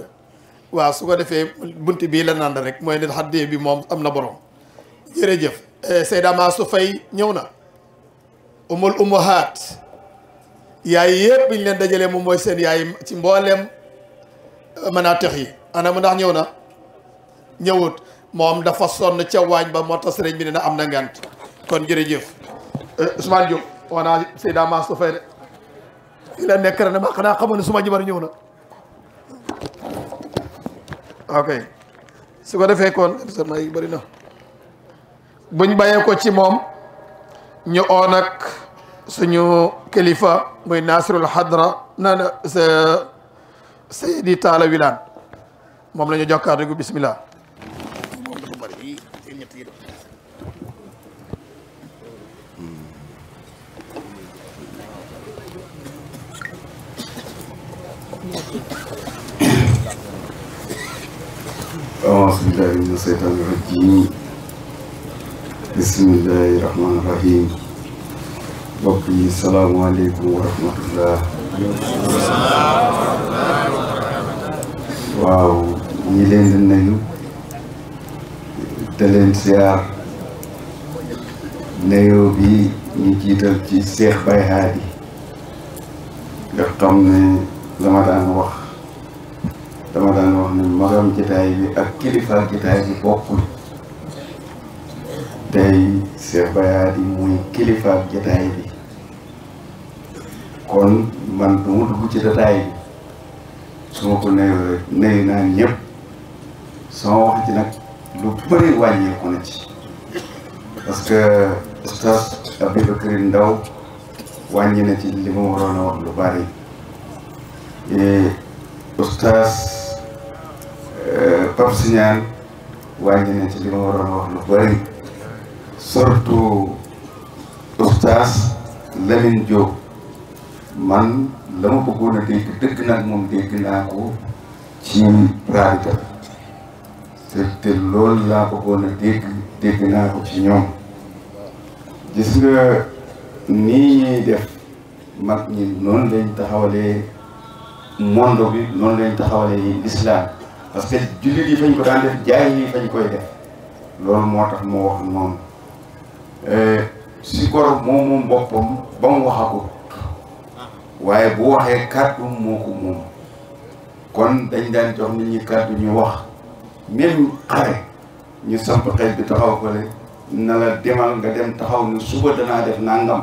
waaw su ko defee bunt bii la nànd rek mooy ne xaddee bi moom am na borom jërëjëf eh, Seyda Mansour Faye ñëw na umul umahaat yaay yëpp biñ leen dajalee moom mooy seen yaay ci mbooleem euh, mën a tex yi ana mu ndax ñëw na ñëwut moom dafa sonn ca waañ ba moo tax sëriñ bi ne na am na ngant kon jërëjëf euh, Ousmane Diop wana Seyda Massou Faye nekk rek xanaa xamoon ne suma jabar ñëw na ok su ko defee kon sama yi na buñ bàyyee ko ci moom ñu oo سنو كليفة من ناصر الحضرة نان س سيدي تعالى ولان مملا نجاك أرجو بسم الله بسم الله الرحمن الرحيم mbokk yi salaamaaleykum wa rahmatullah waaw ñi leen di nuyu te leen siyaar nuyoo ñu jiital ci Seex Baay Haadi nga xam ne dama daan wax dama daan wax ne magam jataay bi ak kilifa jataay bi bokkul tey Seex Baay Haadi muy kilifa jataay bi kon man du ma dugg ci détail yi su ma ko nayu naa ñëpp sama wax ci nag lu bëri wàññeeku na ci parce que stas Aboubacar Ndaw wàññi na ci li ma waroon a wax lu bari oustaz euh, Pape Signane na ci li ma waroon a wax lu bëri surtout oustaz Lamine Diop man la ma bëggoon a dégg dëgg nag moom dégg naa ko ci rajo te te loolu laa bëggoon a dégg dégg naa ko ci ñoom gis nga nii ñuy def mag ñi noonu lañ taxawalee monde bi noonu leen taxawalee lislaam parce que jullit yi fañ ko daan def jaay yi fañ koy def loolu moo tax moo wax noonu euh, si koro moom moom boppam ba mu waxako waaye bu waxee kàddu moo ko moom kon dañ daan jox nit ñi kàddu ñu wax même xare ñu samp xeej bi taxaw ko le na la demal nga dem taxaw ne suba danaa def nangam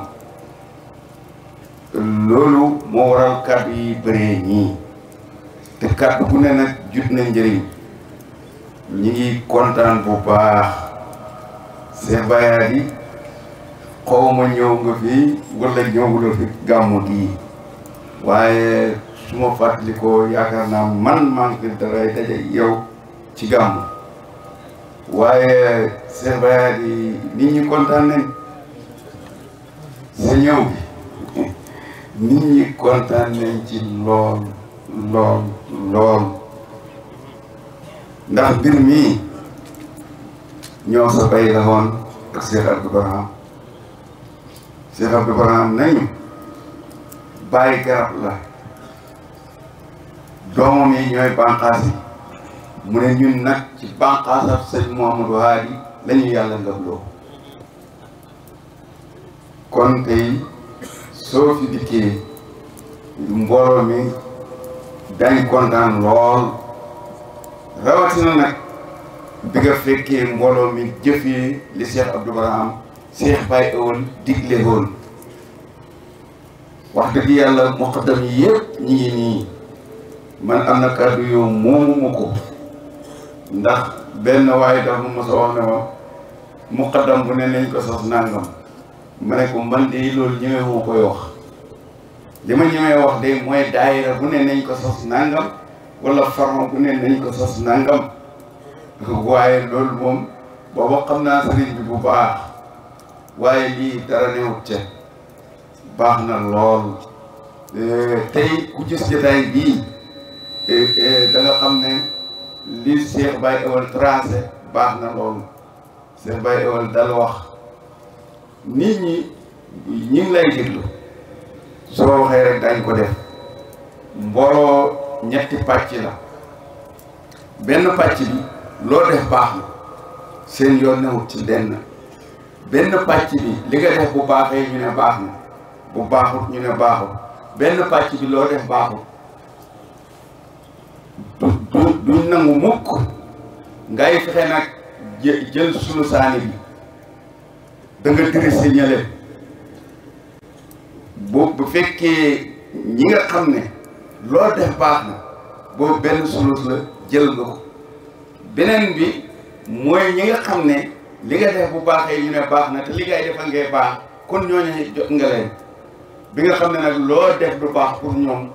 loolu moo waral kàddu yi bëree ñii te kàddu bu ne nag jut na njëriñ ñi ngi kontaan bu baax seen bayaat yi xaw ñëw nga fii wala ñëwuloo fi gàmmu gii waaye su ma fàttalikoo yaakaar naa man maa ngi daray daje yow ci gàmmu waaye seen bayaat yi nit ñi kontaan nañ sa nit ñi kontaan nañ ci lool lool lool ndax mbir mii ñoo sa bay la woon ak Cheikh Abdou Barham Cheikh Abdou Barham nañu bàyyi garab la doomam yi ñooy bànqaas yi mu ne ñun nag ci bànqaasam sëñ Mouhamadou Hadi la ñu yàlla ndabloo kon tey soo fi dikkee mbooloo mi dañ kontaan lool rawatina nag bi nga fekkee mbooloo mi jëfee li Cheikh Abdou Baraham Cheikh Baye Ewal digle woon wax dëgg yàlla muqaddam yi yëpp ñi ngi nii man am na kàddu yow moomuma ko ndax benn waaye daf ma mos a wax ne ma muqaddam bu ne nañ ko sos nangam ma ne ko man de loolu ñëwee koy wax li ma ñëwee wax de mooy daayira bu ne nañ ko sos nangam wala farma bu ne nañ ko sos nangam waaye loolu moom booba xam naa sëriñ bi bu baax waaye lii dara newut ca baax na lool eh, tey ku gis jotaay bii eh, eh, da xam ne li Cheikh Baye Ewal tracé baax na lool Cheikh Baye Ewal dal wax nit ñi ñi ngi lay déglu soo waxee rek daañ ko def mbooloo ñetti pàcc la benn pàcc bi loo def baax na seen yoon newut ci lenn benn pàcc bi li nga def bu baaxee ñu ne baax na bu baaxut ñu ne baaxut benn pàcc bi loo def baaxut du du duñ nangu mukk ngay fexe nag jël sunu saani bi danga nga diri si ñële bu bu fekkee ñi nga xam ne loo def baax na boobu benn sulus la jël nga ko beneen bi mooy ñi nga xam ne li nga def bu baaxee ñu ne baax na te li ngay defal ngay baax kon ñooñu jot nga leen bi nga xam ne nag loo def du baax pour ñoom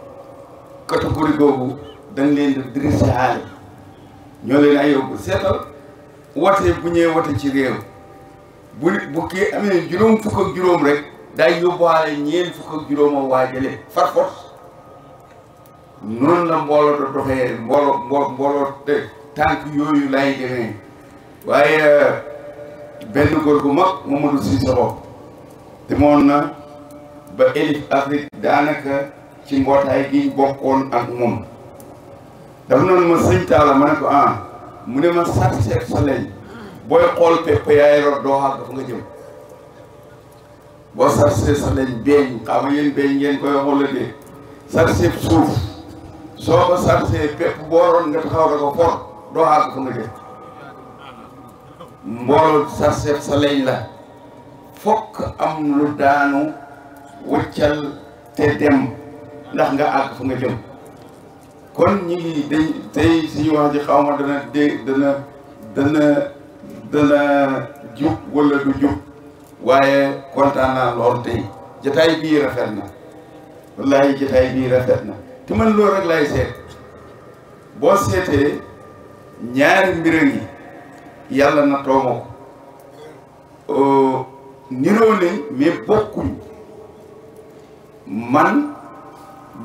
catégorie boobu dañ leen di diriger aale ñoo leen ay seetal wote bu ñëwee wote ci réew bu bu kii amee juróom fukk ak juróom rek day yóbbuwaale ñeen fukk ak juróom a waajale far force noonu la mbooloo da doxee mbooloo mbo mbooloo yooyu lay demee waaye benn góor gu mag Mamadou Cissé Lo demoon na ba élite Afrique daanaka ci mbootaay gi bokkoon ak moom dafa noonu ma sëñ Talla ma ne ko ah mu ne ma sar sa lañ booy xool pepp yaay rot doo xàgg fa nga jëm boo sar seet sa lañ soo ko sar seet pepp la fokk am lu daanu waccal te dem ndax nga àgg fa nga jëm kon ñi ngi dañ tey suñu wax ji xaw dana dé dana dana dana jub wala du jub waaye kontaan lool tey jataay bii rafet na wallaahi jataay bii rafet na te man loolu rek laay seet boo seetee ñaari mbir yi yàlla na toomoo ko euh, niroo nañ mais bokkuñ man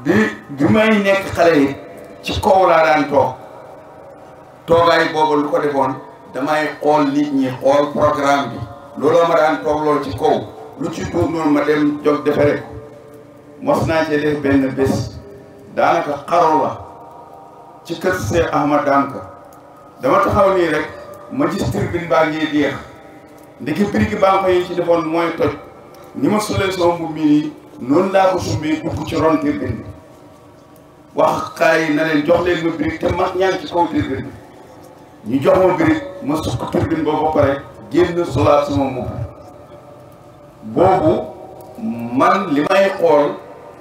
bi bi may nekk xale yi ci kaw laa daan toog toogaay boobu lu ko defoon damay xool nit ñi xool programme bi looloo ma daan toog lool ci kaw lu ci tuut noonu ma dem jóg defare ko mos naa ci def benn bés daanaka xaro la ci kër Seex Ahmad daan dama taxaw nii rek ma gis turbine baa ngi deex ndiki birigi baa ngi ko yi ci defoon mooy toj ni ma sulee soo mbubb mi nii noonu laa ko sumbee dugg ci ron birbir bi wax kaay na leen jox leen ma birig te mag ñaan ci kaw birbir bi ñu jox ma birig ma sukk birbir boobu ba pare génn solaat sama mbubb boobu man li may xool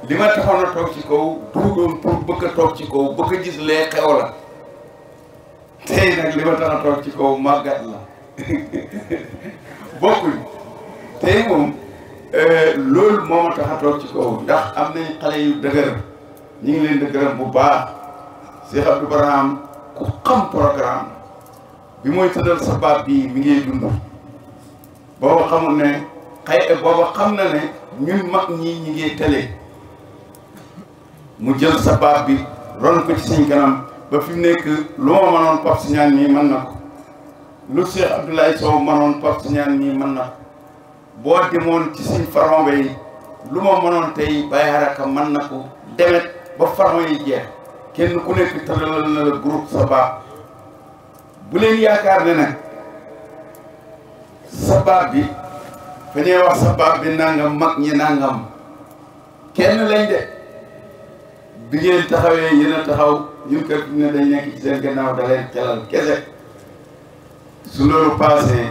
li ma taxoon a toog ci kaw duudoon pour bëgg a toog ci kaw bëgg a gis lee xew la tey nag li ma tax toog ci kaw màggat la bokkuñ tey moom Eh, loolu moo ma tax toog ci kaw ndax am nañ xale yu dëgër ñu ngi leen di bu baax Cheikh Abdou ku xam programme bi mooy tëddal sa baat bii mi ngi dund booba xamul ne xëy booba xam na ne ñun mag ñi ñi ngi télé mu jël sa baat bi ron ko ci suñ kanam ba fi nekk lu ma mënoon Pape Signane mii mën na ko lu Cheikh Abdoulaye Sow mënoon Pape Signane mii mën na boo demoon ci suñ faramba yi lu ma mënoon tey Baye Haraka mën na ko demet ba faramba yi jeex kenn ku nekk tëlalal na la groupe sabaa bu leen yaakaar ne nag sabaa bi fa ñuy wax sabaa bi nangam mag ñi nàngam kenn lañ de bi ngeen taxawee yéen taxaw ñun kat ne dañ nekk ci seen gannaaw da leen kese su loolu passé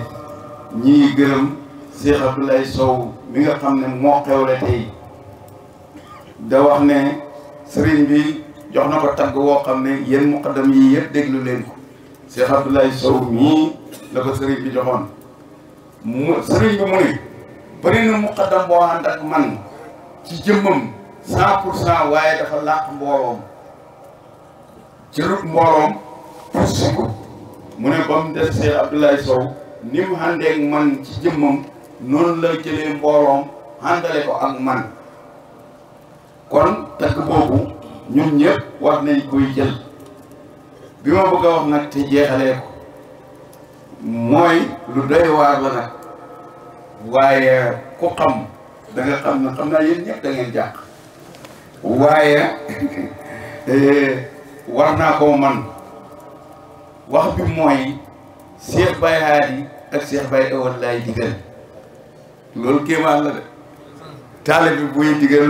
ñii gërëm Cheikh Abdoulaye Sow mi nga xam ne moo xewle tey da wax ne sëriñ bi jox na ko tagg woo xam ne yéen muqaddam yi yëpp déglu leen ko Cheikh Abdoulaye Sow mii la ko sëriñ bi joxoon mu sëriñ bi mu ne bëri waaye dafa làq mbooloom cërut mbooloom pour siku mu ne ba mu des Sow ni mu man ci jëmmam noonu la jëlee mbooloom àndale ko ak man kon takk boobu ñun ñëpp war nañ koy jël bi ma bëgg a wax nag te jeexalee ko mooy lu doy waar la nag waaye ku xam da nga xam ne xam naa yéen ñëpp da ngeen jàq waaye war naa koo man wax bi mooy Cheikh Baye Hadi ak Cheikh Baye Ewal laay digal loolu kéemaan la de taalibe buy digal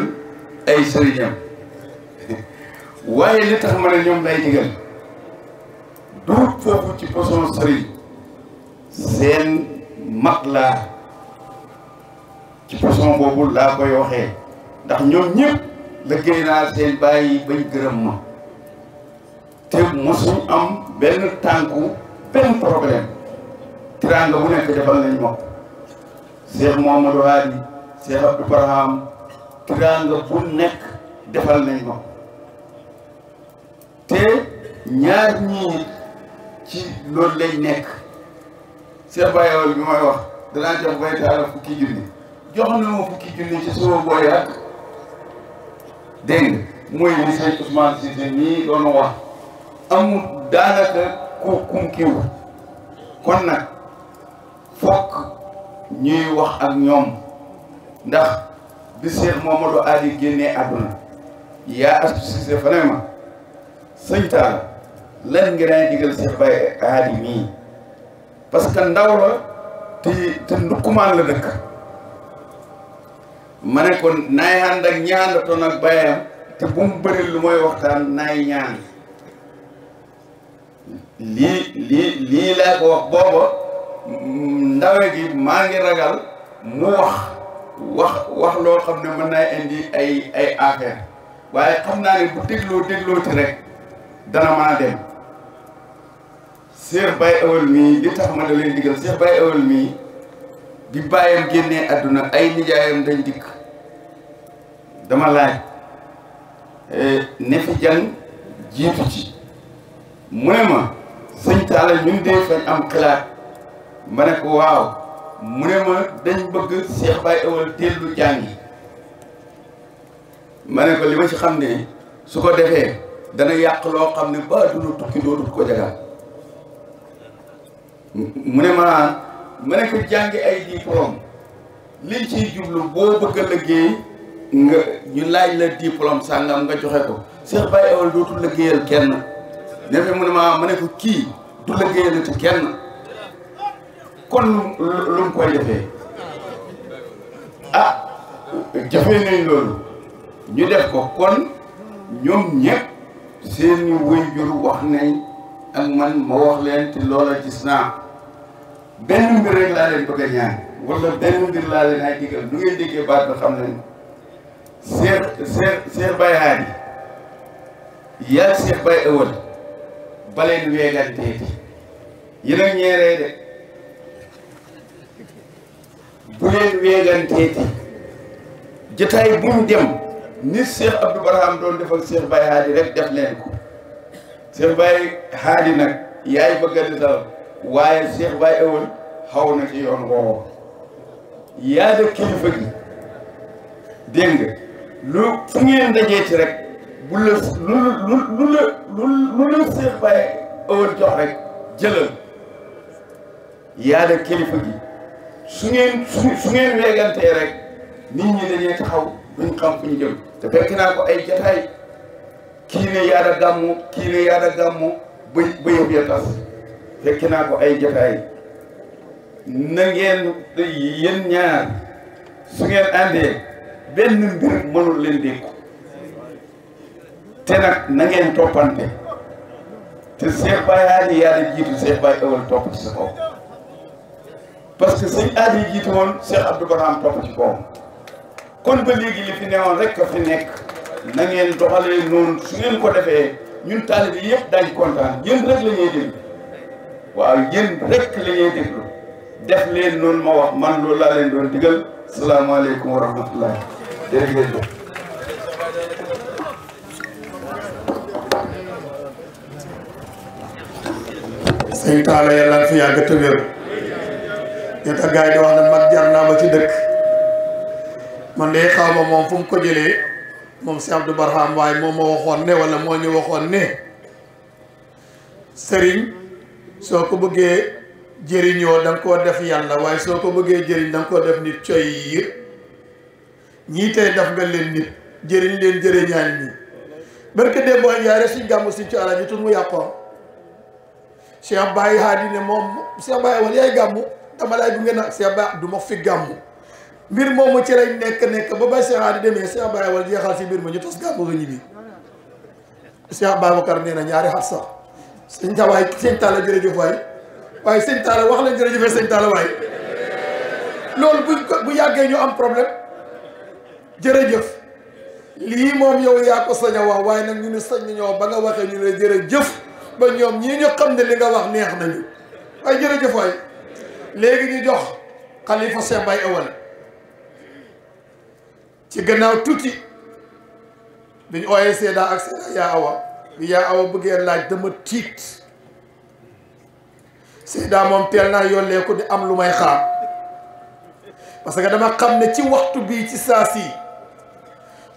ay sëriñam waaye li tax ma ne ñoom lay digal duut foofu ci façon sëriñ seen mag laa ci façon boobu laa koy waxee ndax ñoom ñëpp liggéey naa seen bàyyi bañ gërëm ma te mosuñ am benn tànku benn problème tiraanga bu nekk defal nañ ma Cheikh Mouhamadou Waali Cheikh Abdou Barham tiraanga bu nekk defal nañ ko te ñaar ñii ci loolu lay nekk Cheikh Bayawal bi mooy wax danaa jox baytaala fukki junni jox na ma fukki junni ci suma booy ak dégg nga muy li sëñ Ousmane Cissé nii doon wax amul daanaka ku kum kiw kon nag fokk ñuy wax ak ñoom ndax bi Cheikh Momadou Ali génnee àdduna yaa astucisé fa ma sëñ lan nga daan digal Cheikh Baye Ali nii parce que ndaw la te te ndukkumaan la dëkk ma ne ko naay ànd ak ñaan la toon ak bayam te bu mu bëri lu mooy waxtaan naay ñaan lii lii lii laa ko wax booba ndawe gi maa ngi ragal mu wax wax wax loo xam ne mën naa indi ay ay waaye xam naa ne bu dégloo dégloo ci rek dana mën dem Cheikh Baye Awal mii li tax ma da leen digal Cheikh Baye Awal mii bi bàyyam génnee àdduna ay nijaayam dañ dikk dama laaj eh, ne fi jàng jiitu ci mu ne ma sëñ Talla ñun dee fañ am xalaat ma ne ko waaw mu ne ma dañ bëgg Cheikh Baye Ewal teel lu jàngi ma ne ko li ma ci xam ne su ko defee dana yàq loo xam ne ba duna tukki dootul ko jagal mu ne ma ma ne ko jàngi ay diplôme liñ ciy jublu boo bëgg a liggéey nga ñu laaj la diplôme sàngam nga joxe ko Cheikh Baye Ewal dootul liggéeyal kenn defe mu ne ma ma ne ko kii du liggéeyalati kenn kon lu mu koy defee ah jafe nañ loolu ñu def ko kon ñoom ñëpp seeni wéyjur wax nañ ak man ma wax leen te loola gis naa benn mbir rek laa leen bëgg a ñaan wala benn mbir laa leen ay digal lu ngeen déggee baat ba xam nañ seer seer seer bay haadi yaa seer bay ëwal baleen weeganteeti yéen ak ñeeree de bu leen weeganteeti jotaay bu mu dem ni Cheikh Abdou doon defal Cheikh Baye Haadi rek def leen ko Cheikh Baye nag yaay bëgg a lisal waaye Cheikh Baye Awal xaw na ci yoon woowu yaa de kilifa gi dégg nga lu fu ngeen dajeeti rek bu la lu lu lu la lu la Cheikh Baye Awal jox rek jëlal yaa de kilifa gi su ngeen su ngeen weegantee rek nit ñi dañuy taxaw duñ xam fu ñu jëm te fekk naa ko ay jataay kii ne yaada gàmmu kii ne yaada gàmmu ba ba yëf tas fekk naa ko ay jataay na ngeen yéen ñaar su ngeen àndee benn mbir mënul leen dénku te nag na ngeen toppante te Cheikh Baye aani yaada jiitu Cheikh Baye awal topp sa kaw parce que sëñ aada yi jiite woon Cheikh Abdou Barham topp ci koom kon ba léegi li fi newoon rek ka fi nekk na ngeen doxalee noonu su ngeen ko defee ñun taalibe yi yëpp daañu kontaan yéen rek la ñuy waaw yéen rek la ñuy def leen noonu ma wax man loolu laa leen doon digal salaamaaleykum wa rahmatullah jërëjëf sëñ Talla yàlla fi yàgg te ñoo tax gars yi di wax ne mag jar naa ba ci dëkk man de xaw ma moom fu mu ko jëlee moom si Abdou Barham waaye moom moo waxoon ne wala moo ñu waxoon ne sëriñ soo ko bëggee jëriñoo da koo def yàlla waaye soo ko bëggee jëriñ da koo def nit coy yi ñii tey def nga leen nit jëriñ leen jërëñaay nii barke dee boo njaay rek suñ gàmmu suñ ci alaaji tut mu yàqoon Cheikh Baye Hadi ne moom Cheikh Baye woon yaay gàmmu dama lay bu ngeen ak Cheikh Bara du fi gàmmu mbir moomu ci lañ nekk nekk ba bay Cheikh Adi demee Cheikh Bara wala jeexal si mbir ma ñu tos gàmmu nga ñibbi Cheikh Babacar nee na ñaari xat sax sëñ tawaay sëñ Talla jërëjëf waay waaye sëñ Talla wax lañ jërëjëfee sëñ Talla waay loolu bu yàggee ñu am problème jërëjëf lii moom yow yaa ko sañ a wax waaye nag ñu ne sañ ñoo ba nga waxee ñu ne jëf ba ñoom ñii ñu xam ne li nga wax neex nañu waaye jërëjëf waay léegi ñu jox khalifa Cheikh Baye Awal ci gannaaw tuti bi ñu Seeda ak Seeda ya awa bi yaa awa bëggee laaj dama tiit Seeda mom teel naa yollee ko di am lu may xaar parce que dama xam ci waxtu bi ci saasi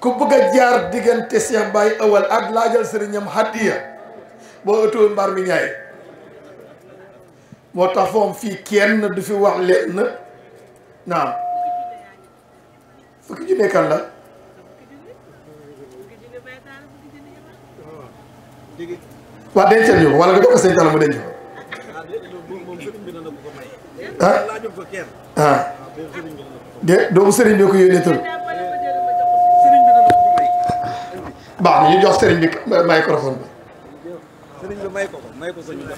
ku bëgg jaar diggante Cheikh Baye Awal ak laajal serignam hadiya bo auto mbar mi ñay moo tax foom fii kenn du fi wax lenn naam fukki junne kan la waaw dencal ñu ko wala nga jox ko sëñ Talla mu denc ko ah ah de doomu sëriñ bi ko yónnee tur baax na ñu jox sëriñ bi microphone bi sëriñ bi may ko ko may ko sëñ bi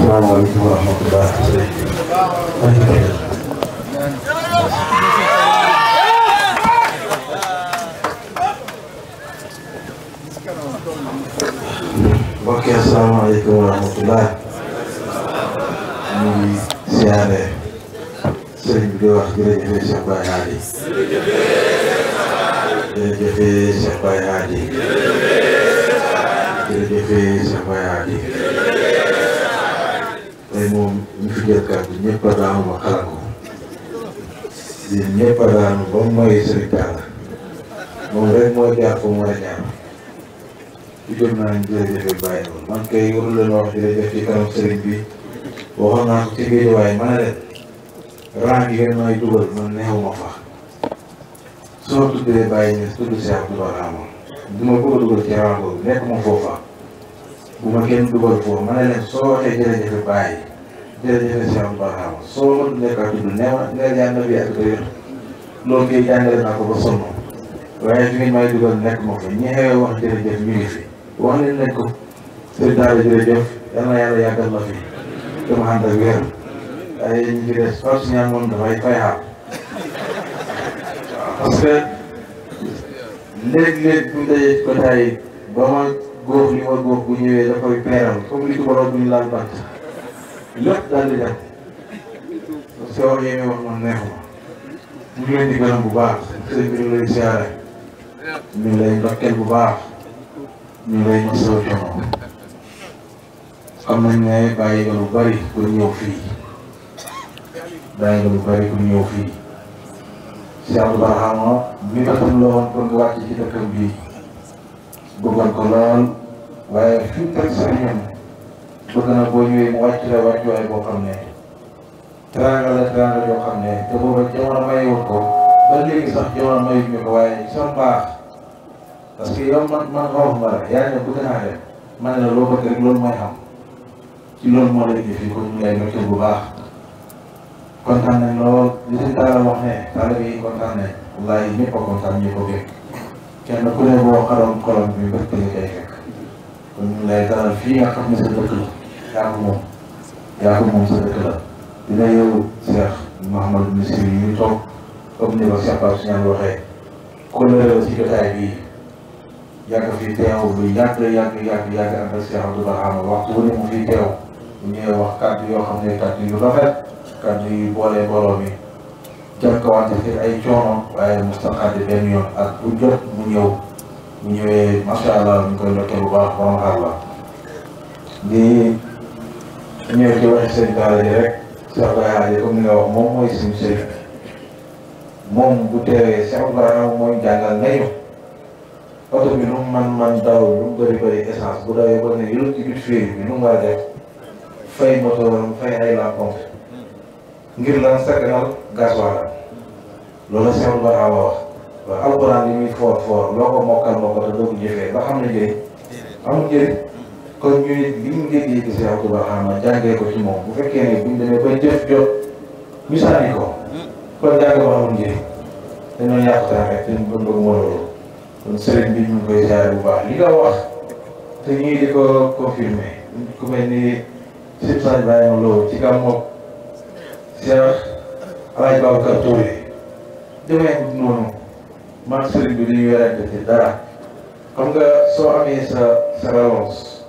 salaamaaleykum wa rahmatulah mbokk yi asalaamaaleykum wa rahmatulah ñu ngi siyaare sëriñ bi di wax jërëjëf Cheikh Baye Hadi. jërëjëf Cheikh Baye Hadi. jërëjëf Cheikh Baye Hadi. tey moom ñu fi jël kàddu ñëpp a daanu ma xalaat ko. di ñëpp a daanu ba mooy sëriñ Talla. moom rek moo jaar ko mu war a ñaar. di jot naa jërëjëf Baye man kay waru leen wax jërëjëf ci kanam sëriñ bi. waxoon naa ko waaye mën a def rang yi may dugal man fa soo tuddee bàyyi ne tudd Seex Abdou Rahman du ma bëgg a dugal ci rang boobu nekk ma foofa bu ma kenn dugal foofu ma soo waxee jërëjëf bàyyi jërëjëf Seex Abdou Rahman soo ma tuddee ka tudd nee ma nga jàng bi ak dëgër loolu kay jàngale naa ko ba sonn waaye fi ngeen may dugal nekk ma fa ñi xewee wax jërëjëf ñu ngi fi wax leen ne ko sëñ Daara jërëjëf yal na yàlla yàggal fi. te mu ànd ak wér waaye ñu ci des far si ñaan moom dafay fay xaar parce que léeg-léeg bu dee ko tay ba ma góof li ma góof bu ñëwee da koy peeral comme li ci borom bu ñu laal man neexuma ñu ngi leen di gërëm bu baax sëñ bi ñu ngi lay siyaare ñu ngi lay ndokkeel bu baax ñu ngi am nañ ne bàyyi nga lu bari pour ñëw fii bàyyi nga lu bari pour ñëw fii Cheikh Abdou Barhama mi nga xam loon pour nga ci dëkkam bii bëggoon ko lool waaye fi mu teg sëriñam bëgg na boo ñëwee mu wàcc la wàccuwaay boo xam ne teraanga la teraanga yoo xam ne te booba jamono mayiwut ko ba léegi sax jamono mayu ñu ko waaye sa mbaax parce que man man nga ma rek yaa ne bëgg naa dem man ne la loo bëgg rek loolu xam ci loolu moo lay fii kon ñu ngi lay mbégte bu baax kontaan nañ lool li si Talla wax ne Talla bi kontaan nañ wallaahi ñëpp a kontaan ñëpp a kenn ku ne boo xaroon kolom bi bët yi kay fekk kon ñu ngi lay dalal fii nga xam ne sa dëkk la yaa ko moom yaa ko moom sa dëkk la dina yow Cheikh Mouhamadou Missirou yi ñu toog comme ni ko Cheikh Pape Signane waxee kóllëre ci jotaay bi yàgg fi teew bu yàgg yàgg yàgg yàgg ànd ak Cheikh Abdou Barhama waxtu bu mu fi teew ñuy wax kàddu yoo xam ne kàddu yu rafet kàddu yu boole booloo bi jànkuwante ci ay coono waaye musta xaddi benn yoon ak bu mu ñëw mu ñëwee macha allah ñu koy dokkee bu baax borom xar la di ñëw ci waxi seen daara ji rek Cheikh Baye comme ni nga wax moom mooy suñu sëriñ moom bu teewee Cheikh Baye mooy jàngal nañu oto bi nu man man daw lu mu bëri bëri essence bu dawee ba ne yëpp ci biir fii bi nu mu war a def fay motoram fay ay lampam ngir lan sakkanal gasoil loolu la Cheikh Bara wax waaye alxuraan li muy foor foor loo ko mokkal moo ko te doo ko jëfee ba xam ne njëriñ amul njëriñ kon ñu nit li ñu déggee ci Cheikh Bara jàngee ko ci moom bu fekkee ne bu ñu demee ba jëf jot ñu sànni ko kon jàng ba amul njëriñ dañoo yàq temps rek te ñu bëgg moo loolu kon sëriñ bi ñu ngi koy jaay bu baax li nga wax te ñii di ko confirmé ku mel ni Sëñ Sadio Baye Lo ci gàmm moom Cheikh Alaaj Babacar Touré demee noonu man sëriñ bi duñu werante ci dara xam nga soo amee sa sa relance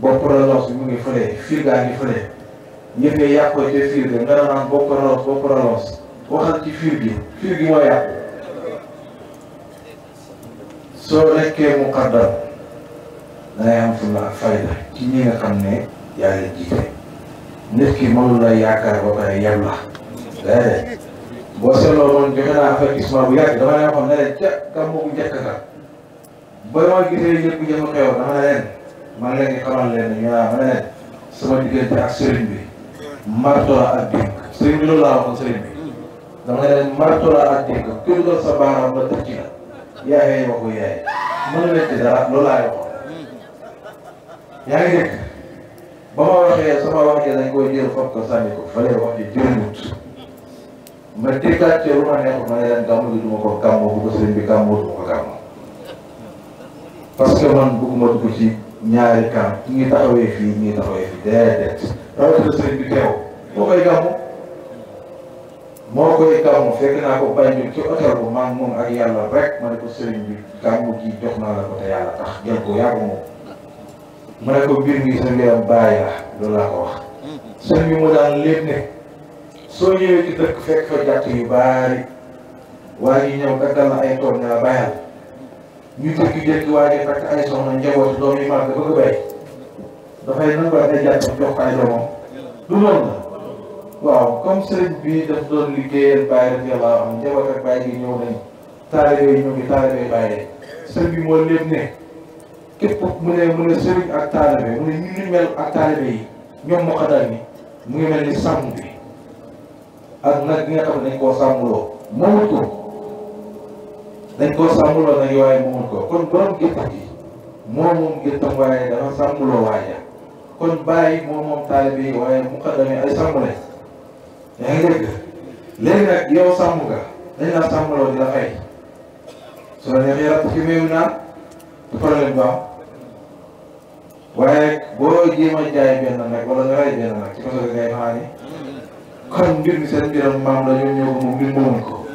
bopp relance bi mu ngi fële fiir gaa ngi fële ngir nga yàq ko te fiir nga nga naan bopp relance bopp relance waxal ci gi fiir gi moo yàq soo nekkee mu xaddam dangay am fulla ak fayda ci ñi nga xam ne yaa leen jiite nit ki mënu la yaakaar ba pare yem la déedéet boo seetloo woon joxe naa avertissement bu yàgg dama leen waxoon ne leen ca gàmmu bu njëkk ka ba ma gisee yëpp yëpp xew dama ne leen man leen di xamal leen ñu naan ma ne leen sama diggante ak sëriñ bi marto la ak dénk sëriñ bi loolu laa waxoon sëriñ bi dama ne leen marto la ak dénk ku dugal sa baaraam la def ci la yaayee waxu yaay mën na leen ci dara loolu laa waxoon yaa ngi dégg ba ma waxee sama waxee dañ koy jël foog ko sànni ko fële wax ci jëriñut ma déggaat ci lu ma neexut ma ne leen gàmmu gi du ko gàmmoo bu ko sëriñ bi gàmmoo du ma ko gàmmoo parce que man bëgguma dugg ci ñaari camp ñi taxawee fii ñi taxawee fii déedéet rawatina sëriñ bi teew moo koy gàmmu moo koy gàmmu fekk naa ko bàyyi ci hôtel bu mag moom ak yàlla rek ma ne ko sëriñ bi gàmmu gi jox naa la ko te yàlla tax jël ko yaa ko moom mu ne ko mbir mi sa mbiram bàyyi la loolu laa ko wax sëñ bi mu daan lépp ne ci dëkk fekk fa jàkk yu baari waa ji ñëw daggal na ay tool ne la bàyyal ñu jékki-jékki ay soxna njabootu doom yi màgg bëgg a bay dafay nanguwaat ay jàkkam jox ko ay doomam du loolu waaw comme sëriñ bi daf doon liggéeyal bàyyi rek yàlla am njaboot ak bàyyi gi ñëw nañ taalibe yi ñëw bi taalibe bàyyi sëñ bi moo lépp ne képp mu ne mu ne sëriñ ak taalibe mu ne ñu ñu mel ak taalibe yi ñoom moo xadaan ni mu ngi mel ni sàmm bi ak nag bi nga xam ne koo sàmmuloo moomut ko dañ koo sàmmuloo nag waaye moomut ko kon borom gétt gi moo moom géttam waaye dafa moom taalibe yi waaye mu xadaan yi ay sàmm lañ yaa ngi dégg léegi nag yow sàmm nga dañ laa sàmmuloo di fay su la neexee yàlla fi meew naa du problème bu am waaye boo jéem jaay benn nag wala nga rey benn nag ci kaso bi ngay fanaani kon mbir mi seen mbiram maam la ñoom ñoo ko moom ko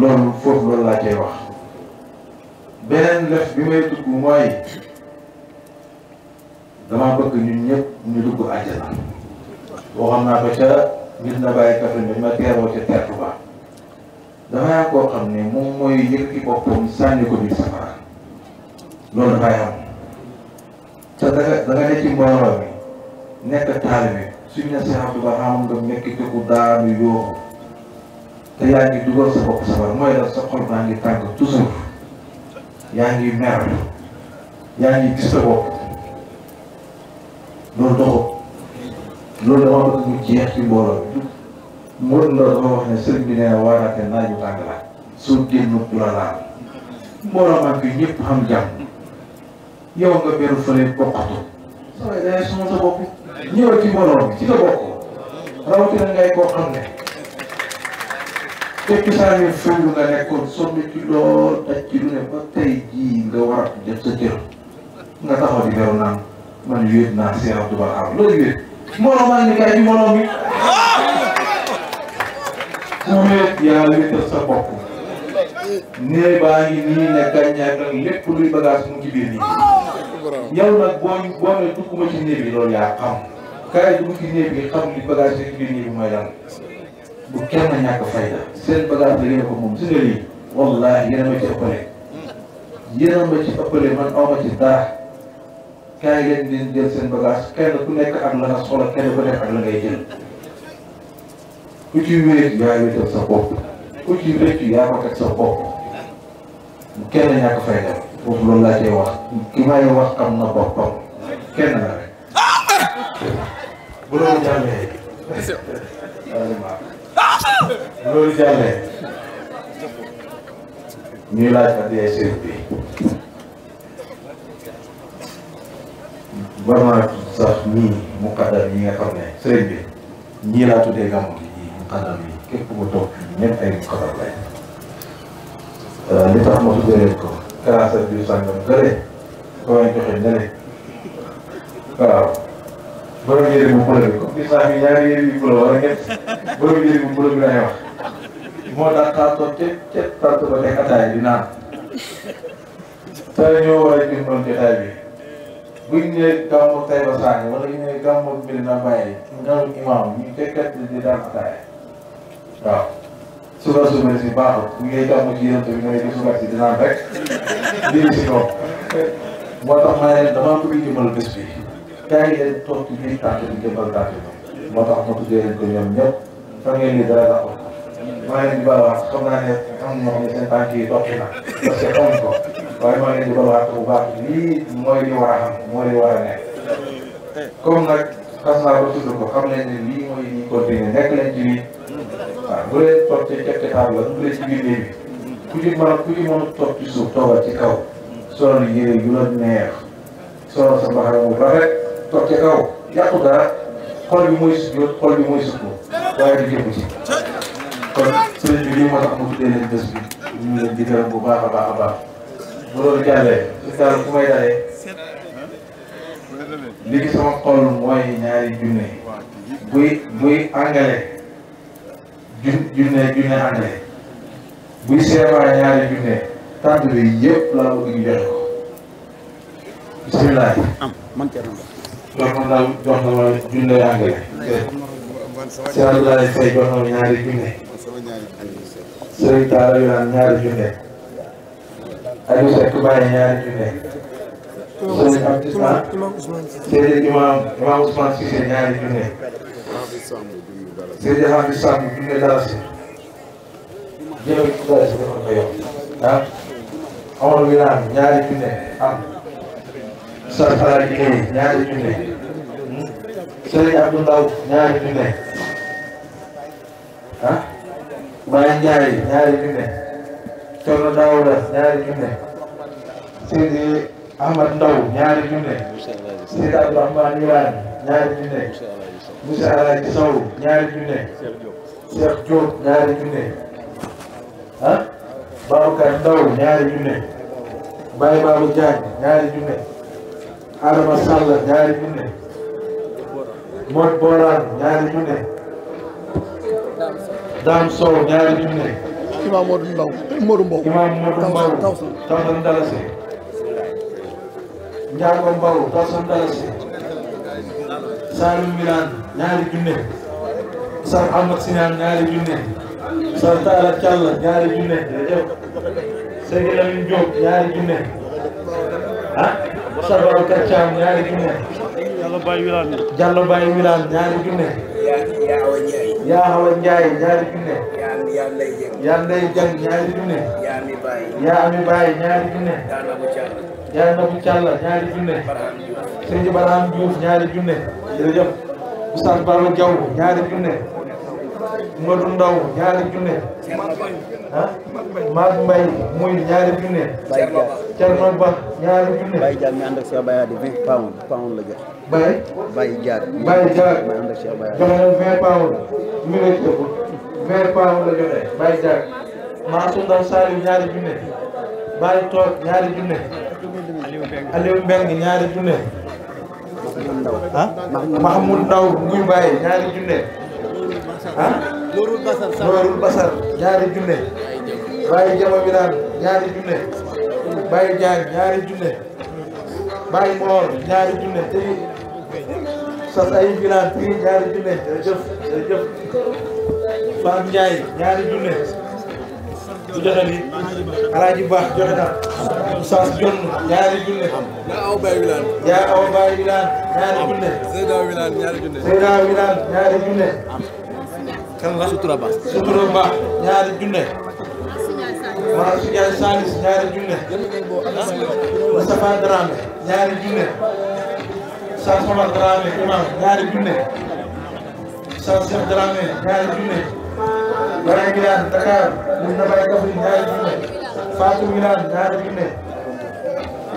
loolu foofu loolu laa cay wax beneen lef bi may dugg mooy dama bëgg ñun ñëpp ñu dugg àjjana waxoon naa ko ca nit na bàyyi kafin bi ma teeroo ca teertu ba dafay am koo xam ne moom mooy yëkkati boppam sànni ko biir safara loolu dafay am te da nga da nga ne ci mbooloo mi nekk ne Seex Abdu Bara xam nga nekk ku daanu yooxu te yaa ngi dugal sa bopp sabar mooy la sa xol baa ngi tàng toujours yaa ngi mer yaa ngi gis sa bopp loolu doxul loolu dama bëgg mu jeex ci mbooloo mu wër loolu dafa wax ne sëriñ bi nee na waaraate naaju tàng la soo génn du la laal mbooloo maa ngi fi ñëpp yow nga beru fële bokkatu soo dee eh, eh, day sonal sa bopp ñëwal ci mbooloo mi ci sa bopp rawatina ngay koo xam ne tekki saa yu fële nga nekkoon sonn ci lool daj ci lu ne ba tey jii nga war a def sa cër nga taxaw di beru naan man wéet naa Seex Abdu Barham loolu wéet mbooloo maa ngi kay ci mbooloo mi ku wéet yaa sa bopp nee baa ngi nii ne gàññaay lépp luy bagage mu ngi nii yow nag boo ñu boo ne dugguma ci néeg bi loolu yaa xam kaay dugg ci néeg bi xam li bagage yi biir néeg bi mooy lan bu kenn ñàkk fayda seen bagage la yéen ko moom su nga lii wallaahi yéen a ma ci ëppale yéen a ma ci ëppale man aw ma ci dara kaay leen di jël seen bagage kenn ku nekk ak la na soxla kenn ku nekk ak la ngay jël ku ci wéet yaa wéetal sa bopp ku ci wéccu yaa ko teg sa bopp kenn ñàkk fay def foofu loolu wax ki may wax xam na boppam kenn la rek bu loolu jàllee bu loolu jàllee ñuy laaj addiya sëriñ bi vraiment sax ñii muqaddam yi nga xam ne sëriñ bi ñii laa tuddee gàmmu gi ñii muqaddam yi képp ku ko toog ñëpp ay muqaddam lay Euh, li tax ma tuddee leen ko classe bi sàngam gële damay joxe ñeneen waaw borom yëri bu mbula bi comme gis naa fi ñaari yëri yu mbula wala ñett borom yëri bu mbula bi laay wax moo tax tàntoon ca ca tànt ba teg ataay di naan te ñoo war a jëndoon jotaay bi buñ ne gàmmu tay ba sàng wala ñu ne gàmmu bi dina bàyyi nga imaam ñu ca kat di daan ataay waaw so su mel si baaxul bu ngay tàmm ci yéen tamit nga ne suukar si dinaan rek lii si kaw moo tax ma ne damaa bëgg jëmal bés bi gaa yi leen toog ci biir tànk bi jëmbal tànk bi moo tax ma tuddee leen ko ñoom ñëpp fan ngeen di dara taxul maa ngi leen di balawaat xam naa ne am na ñoo xam ne seen tànk yi topp na parce que xamuñ ko waaye maa ngi leen di balawaat bu baax lii mooy li war a xam mooy li war a nekk comme nag xas naa ko tudd ko xam leen ne lii mooy li continuer nekk leen ci lii waaw bu dee toog ci teg table la bu dee ci biir néeg bi ku ci mën a ku ci mën a toog ci suuf toogal ci kaw solal yére yu la neex solal sa mbaxana mu rafet toog ci kaw yàqu dara xol bi mooy sujjóot xol bi mooy sukku waaye du jëpp ci kon sëriñ bi lii moo tax mu tuddee leen bés bi ñu leen di gërëm bu baax a baax a baax bu loolu jàllee su daal ku may dalee léegi sama xol mooy ñaari junne buy buy angale jun junne junne anglais buy seebaa ñaari junne tànt bi yëpp laa bëgg ñu joxe ko bisimilah jox na la jox na ma junne anglais si Abdoulaye Faye jox na ma ñaari junne Serigne Talla yu naan ñaari junne Aliou Seck bàyyi ñaari junne Serigne Abdou Sane Serigne Imam Imam Ousmane Cissé ñaari junne Seydi Hamid Samb bu ñu la si jëloon ci dara si defoon ko yow ah Omar Wilane ñaari junne am Sall Fara Guèye ñaari junne Serigne Abdou Ndaw ñaari junne ah Baye Ndiaye ñaari junne Thierno Daouda ñaari junne Seydi Ahmad Ndaw ñaari junne Seydi Abdourahmane Wilane ñaari junne monsieur Alaaji Sow ñaari junne Cheikh Diop ñaari junne ah Babacar Ndaw ñaari junne Baye Babou Diagne ñaari junne Adama Sall ñaari junne Mod Boran ñaari junne Dame Sow ñaari junne Imam Modou Ndaw Modou Mbow Imam Modou Mbow Tawsan Dalasi Ndiago Mbow Tawsan Dalasi Saloum Wilane ñaari junne sar Ahmad Sinaan ñaari junne sar Taala Càll ñaari junne Seydi junne ah sar Babacar Caam ñaari junne Jallo Baay Wilaan ñaari junne Yaa Hawa Njaay ñaari junne yaa ndey jàng ñaari junne yaa ami baay ñaari junne yaa nabu càlla ñaari junne sëñ Barham Diouf ñaari Oustaz Baba Diaw ñaari junne Modou Ndaw ñaari junne ah Mag Mbay muy ñaari junne Cerno Ba ñaari junne Baye Diagne mi ànd ak Cheikh Baye di vingt pound mi ànd ak Cheikh Baye joxe leen junne Baye Toog ñaari junne Aliou Mbeng ñaari junne ah Mahamoud Ndaw Guy Mbaye ñaari junne ah Noorul Basar ñaari junne Baye Jama Birane ñaari junne Baye Diagne ñaari junne Baye Mor ñaari junne te sas ay Birane fii ñaari junne jërëjëf jërëjëf Pape Ndiaye ñaari junne bu joxe lii baax joxe ñaari junne yaa aw baay ñaari junne Seyda wilaan ñaari ñaari junne kan la sutura baax sutura baax ñaari junne ñaari junne Baraye Wilane Dakar mos na bàyyi Kaffrine ñaari junne Fatou Wilane ñaari junne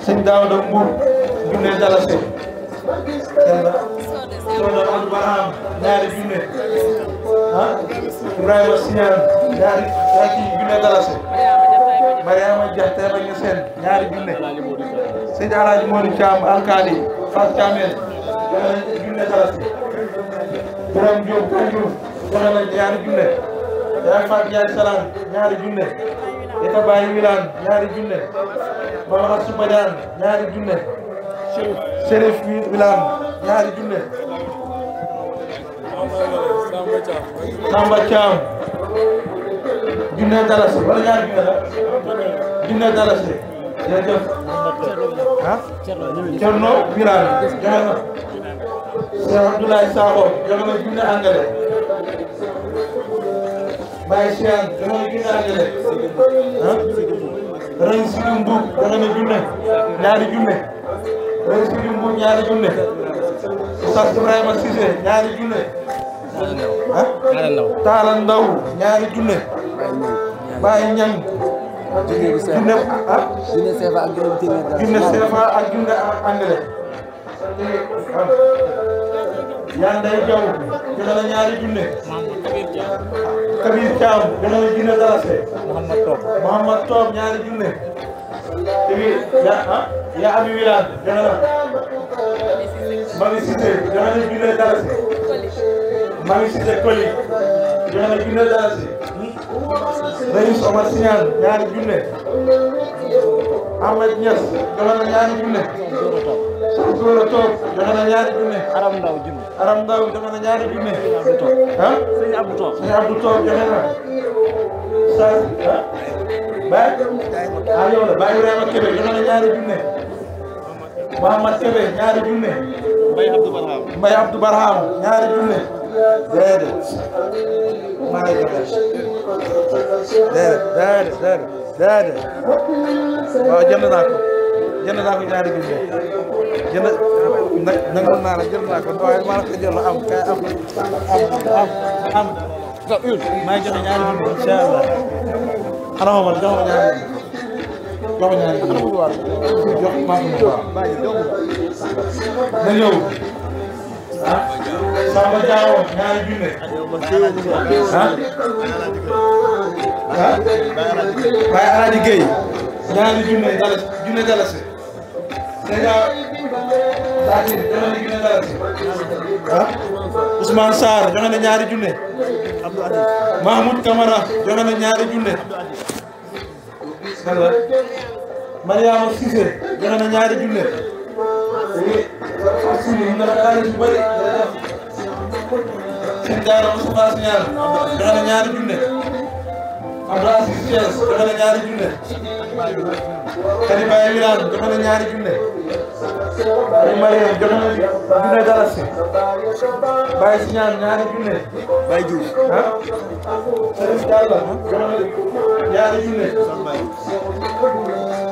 sëñ Daouda Mbour junne Dalase Soxna Abdou Barham ñaari junne ah Ibrahima Siñaan ñaari ñaari junne Dalase Mariama Dia Taïba Niassène junne sëñ Alaaji Modou Thiam alkaali Fatou Thiamène junne Dalase Borom Diop Kanjour ñaari junne yaay Fatou Ndiaye Salaan ñaari junne Yata Baye Wilane ñaari junne Mama Asuba ñaari junne Chérif Wilane ñaari junne Samba junne dalasi wala ñaari junne junne dalasi jërëjëf ah Thierno Wilane joxe na Cheikh Abdoulaye na junne angale Baye Cheikh dama ah? ne junne ak yéen junne ñaari junne ren junne Oustaz Ibrahima Cissé ñaari junne ah Ndaw ñaari junne Baye Ñang junne ah junne CFA ak junne CFA ak junne anglais ah. ñaan day jaw joxe na ñaari junne Kabir Thiam joxe na junne darase Mouhamad Top Mouhamad Top ñaari junne Kabir ya ah ya Abi Wilane joxe na Mami Cissé joxe na junne darase Mami Cissé Koli joxe na junne darase Reis Omar Signane ñaari junne Ahmed Niass joxe na ñaari junne góor a toog joxe na ñaari junne aram ndaw junne aram ndaw joxe na ñaari junne du toog ah sëñ Abdou toog sëñ Abdou toog joxe na sa baay ah yow la baay Ibrahima Kébé joxe na ñaari junne Mouhamad Kébé ñaari junne Mbaye Abdou Barham Mbaye Abdou Barham ñaari junne déedéet maa ngi déedéet déedéet déedéet déedéet waaw jënd naa ko jënd naa ko ñaari junni jënd nangal naa la jënd naa ko waaye maa la ko jënd am kay am am am ka une maa ngi joxe ñaari junni incha allah xanaa ma man jox ma ñaari junni jox ma ñaari junni jox maa ngi jox maa ngi jox na ñëw ah sama jaawo ñaari junni ah ah Baye Alaaji Gueye ñaari junni dalasi junni dalasi déjà Sadji joxe na junne nawet ah Ousmane Sarr joxe na ñaari junne Mahmoud Camara joxe na junne Mariama Cissé joxe na junne suñu na xaalis bu bëri junne Abdullah Thiès joxe na ñaari junne Kadi Baye Wilane joxe na ñaari junne Baye Mariam joxe na junne galas Baye Siñaan ñaari junne Baye Diouf ah Serigne Diallo joxe na ñaari junne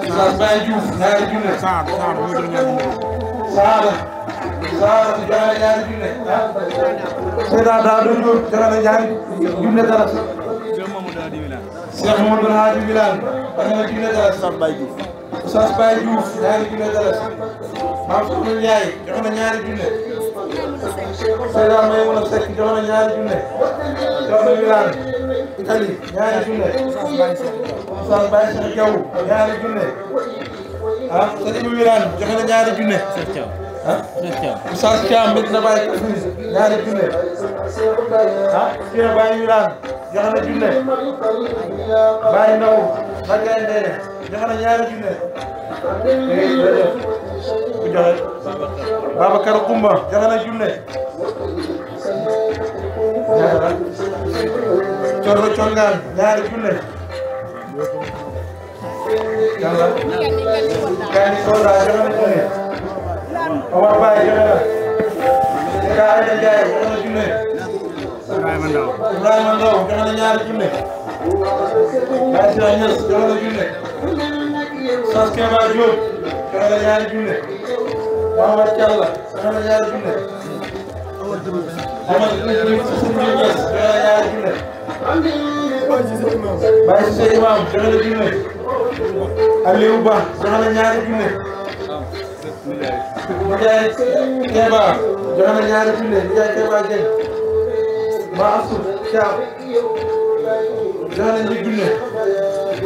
Saar Baye Diouf ñaari junne Saar Saar mooy joxe ñaari junne Saar Saar joxe na ñaari junne Seydou Adda Dodo joxe na ñaari junne galas Cheikh Mouhamadou Hadji Wilane dana junne dara Oustaz Baye Diouf Oustaz Baye Diouf ñaari junne dara Mame Sokhna Ndiaye jox na ñaari junne Seyda Maymouna Seck jox na ñaari junne jox na Wilane Italie ñaari junne Oustaz Baye Cheikh Diaw ñaari junne ah Seydi Wilane jox na ñaari junne ah Oustaz Thiam Medina Baye ñaari junne ah Cheikh Baye Wilane joxe na junne bàyyi ndaw ba gaynde ñaari junne ku joxe Babacar Kumba joxe na Corro ñaari junne yàlla Kani Soda joxe na junne Omar Baye joxe na Ibrahima Ndaw Ibrahima Ndaw joxe na ñaari junne Aïcha Niass joxe na junne Sas Keba Diop joxe na ñaari junne Mohamed Diallo joxe na ñaari junne Amad Idris Sidi Niass joxe na ñaari junne Baye Cissé Imam joxe na junne Aliou Ba joxe na ñaari junne Ndiaye Keba joxe na ñaari junne Ndiaye Keba Dieng Mansour Thiam jox nañu ci junne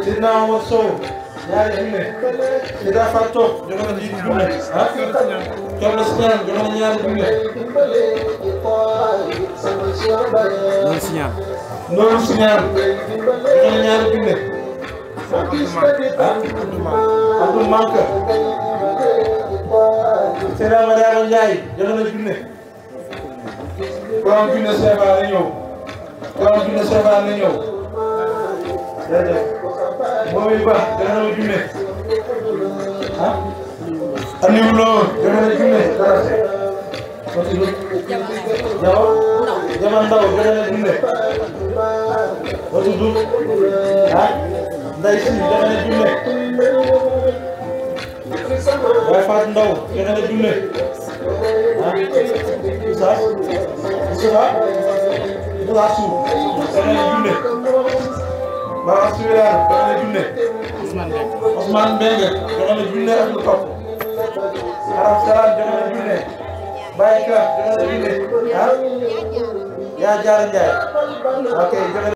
Sidna Omar Sow ñaari junne Sidna Fatou Top jox nañu ci junne ah Thierno Signal jox nañu ñaari junne. Noonu Signal. Noonu Signal jox nañu ñaari junne. ah Abdou Manka Sidna Mariama Ndiaye jox nañu junne. borom junne seebaa la ñëw borom junne seebaa la ñëw moom it ba dana ah Aliou Lo dana la junne dara continue jaw ah nday si dana la Baye Fatou Ndaw kenn la Julle ah Moussa Moussa Moussa Sow kenn la Julle Mara Souleymane kenn la Julle Ousmane Mbengue kenn la Julle ak lu topp Arab Salam kenn la Julle Baye Ka kenn la Julle ah yaa jaar Ndiaye ok